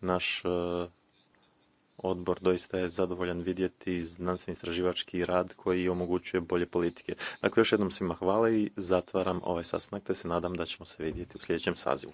naš e, odbor doista je zadovoljan vidjeti znanstveni istraživački rad koji omogućuje bolje politike. Dakle, još jednom svima hvala i zatvaram ovaj sastanak te se nadam da ćemo se vidjeti u sljedećem sazivu.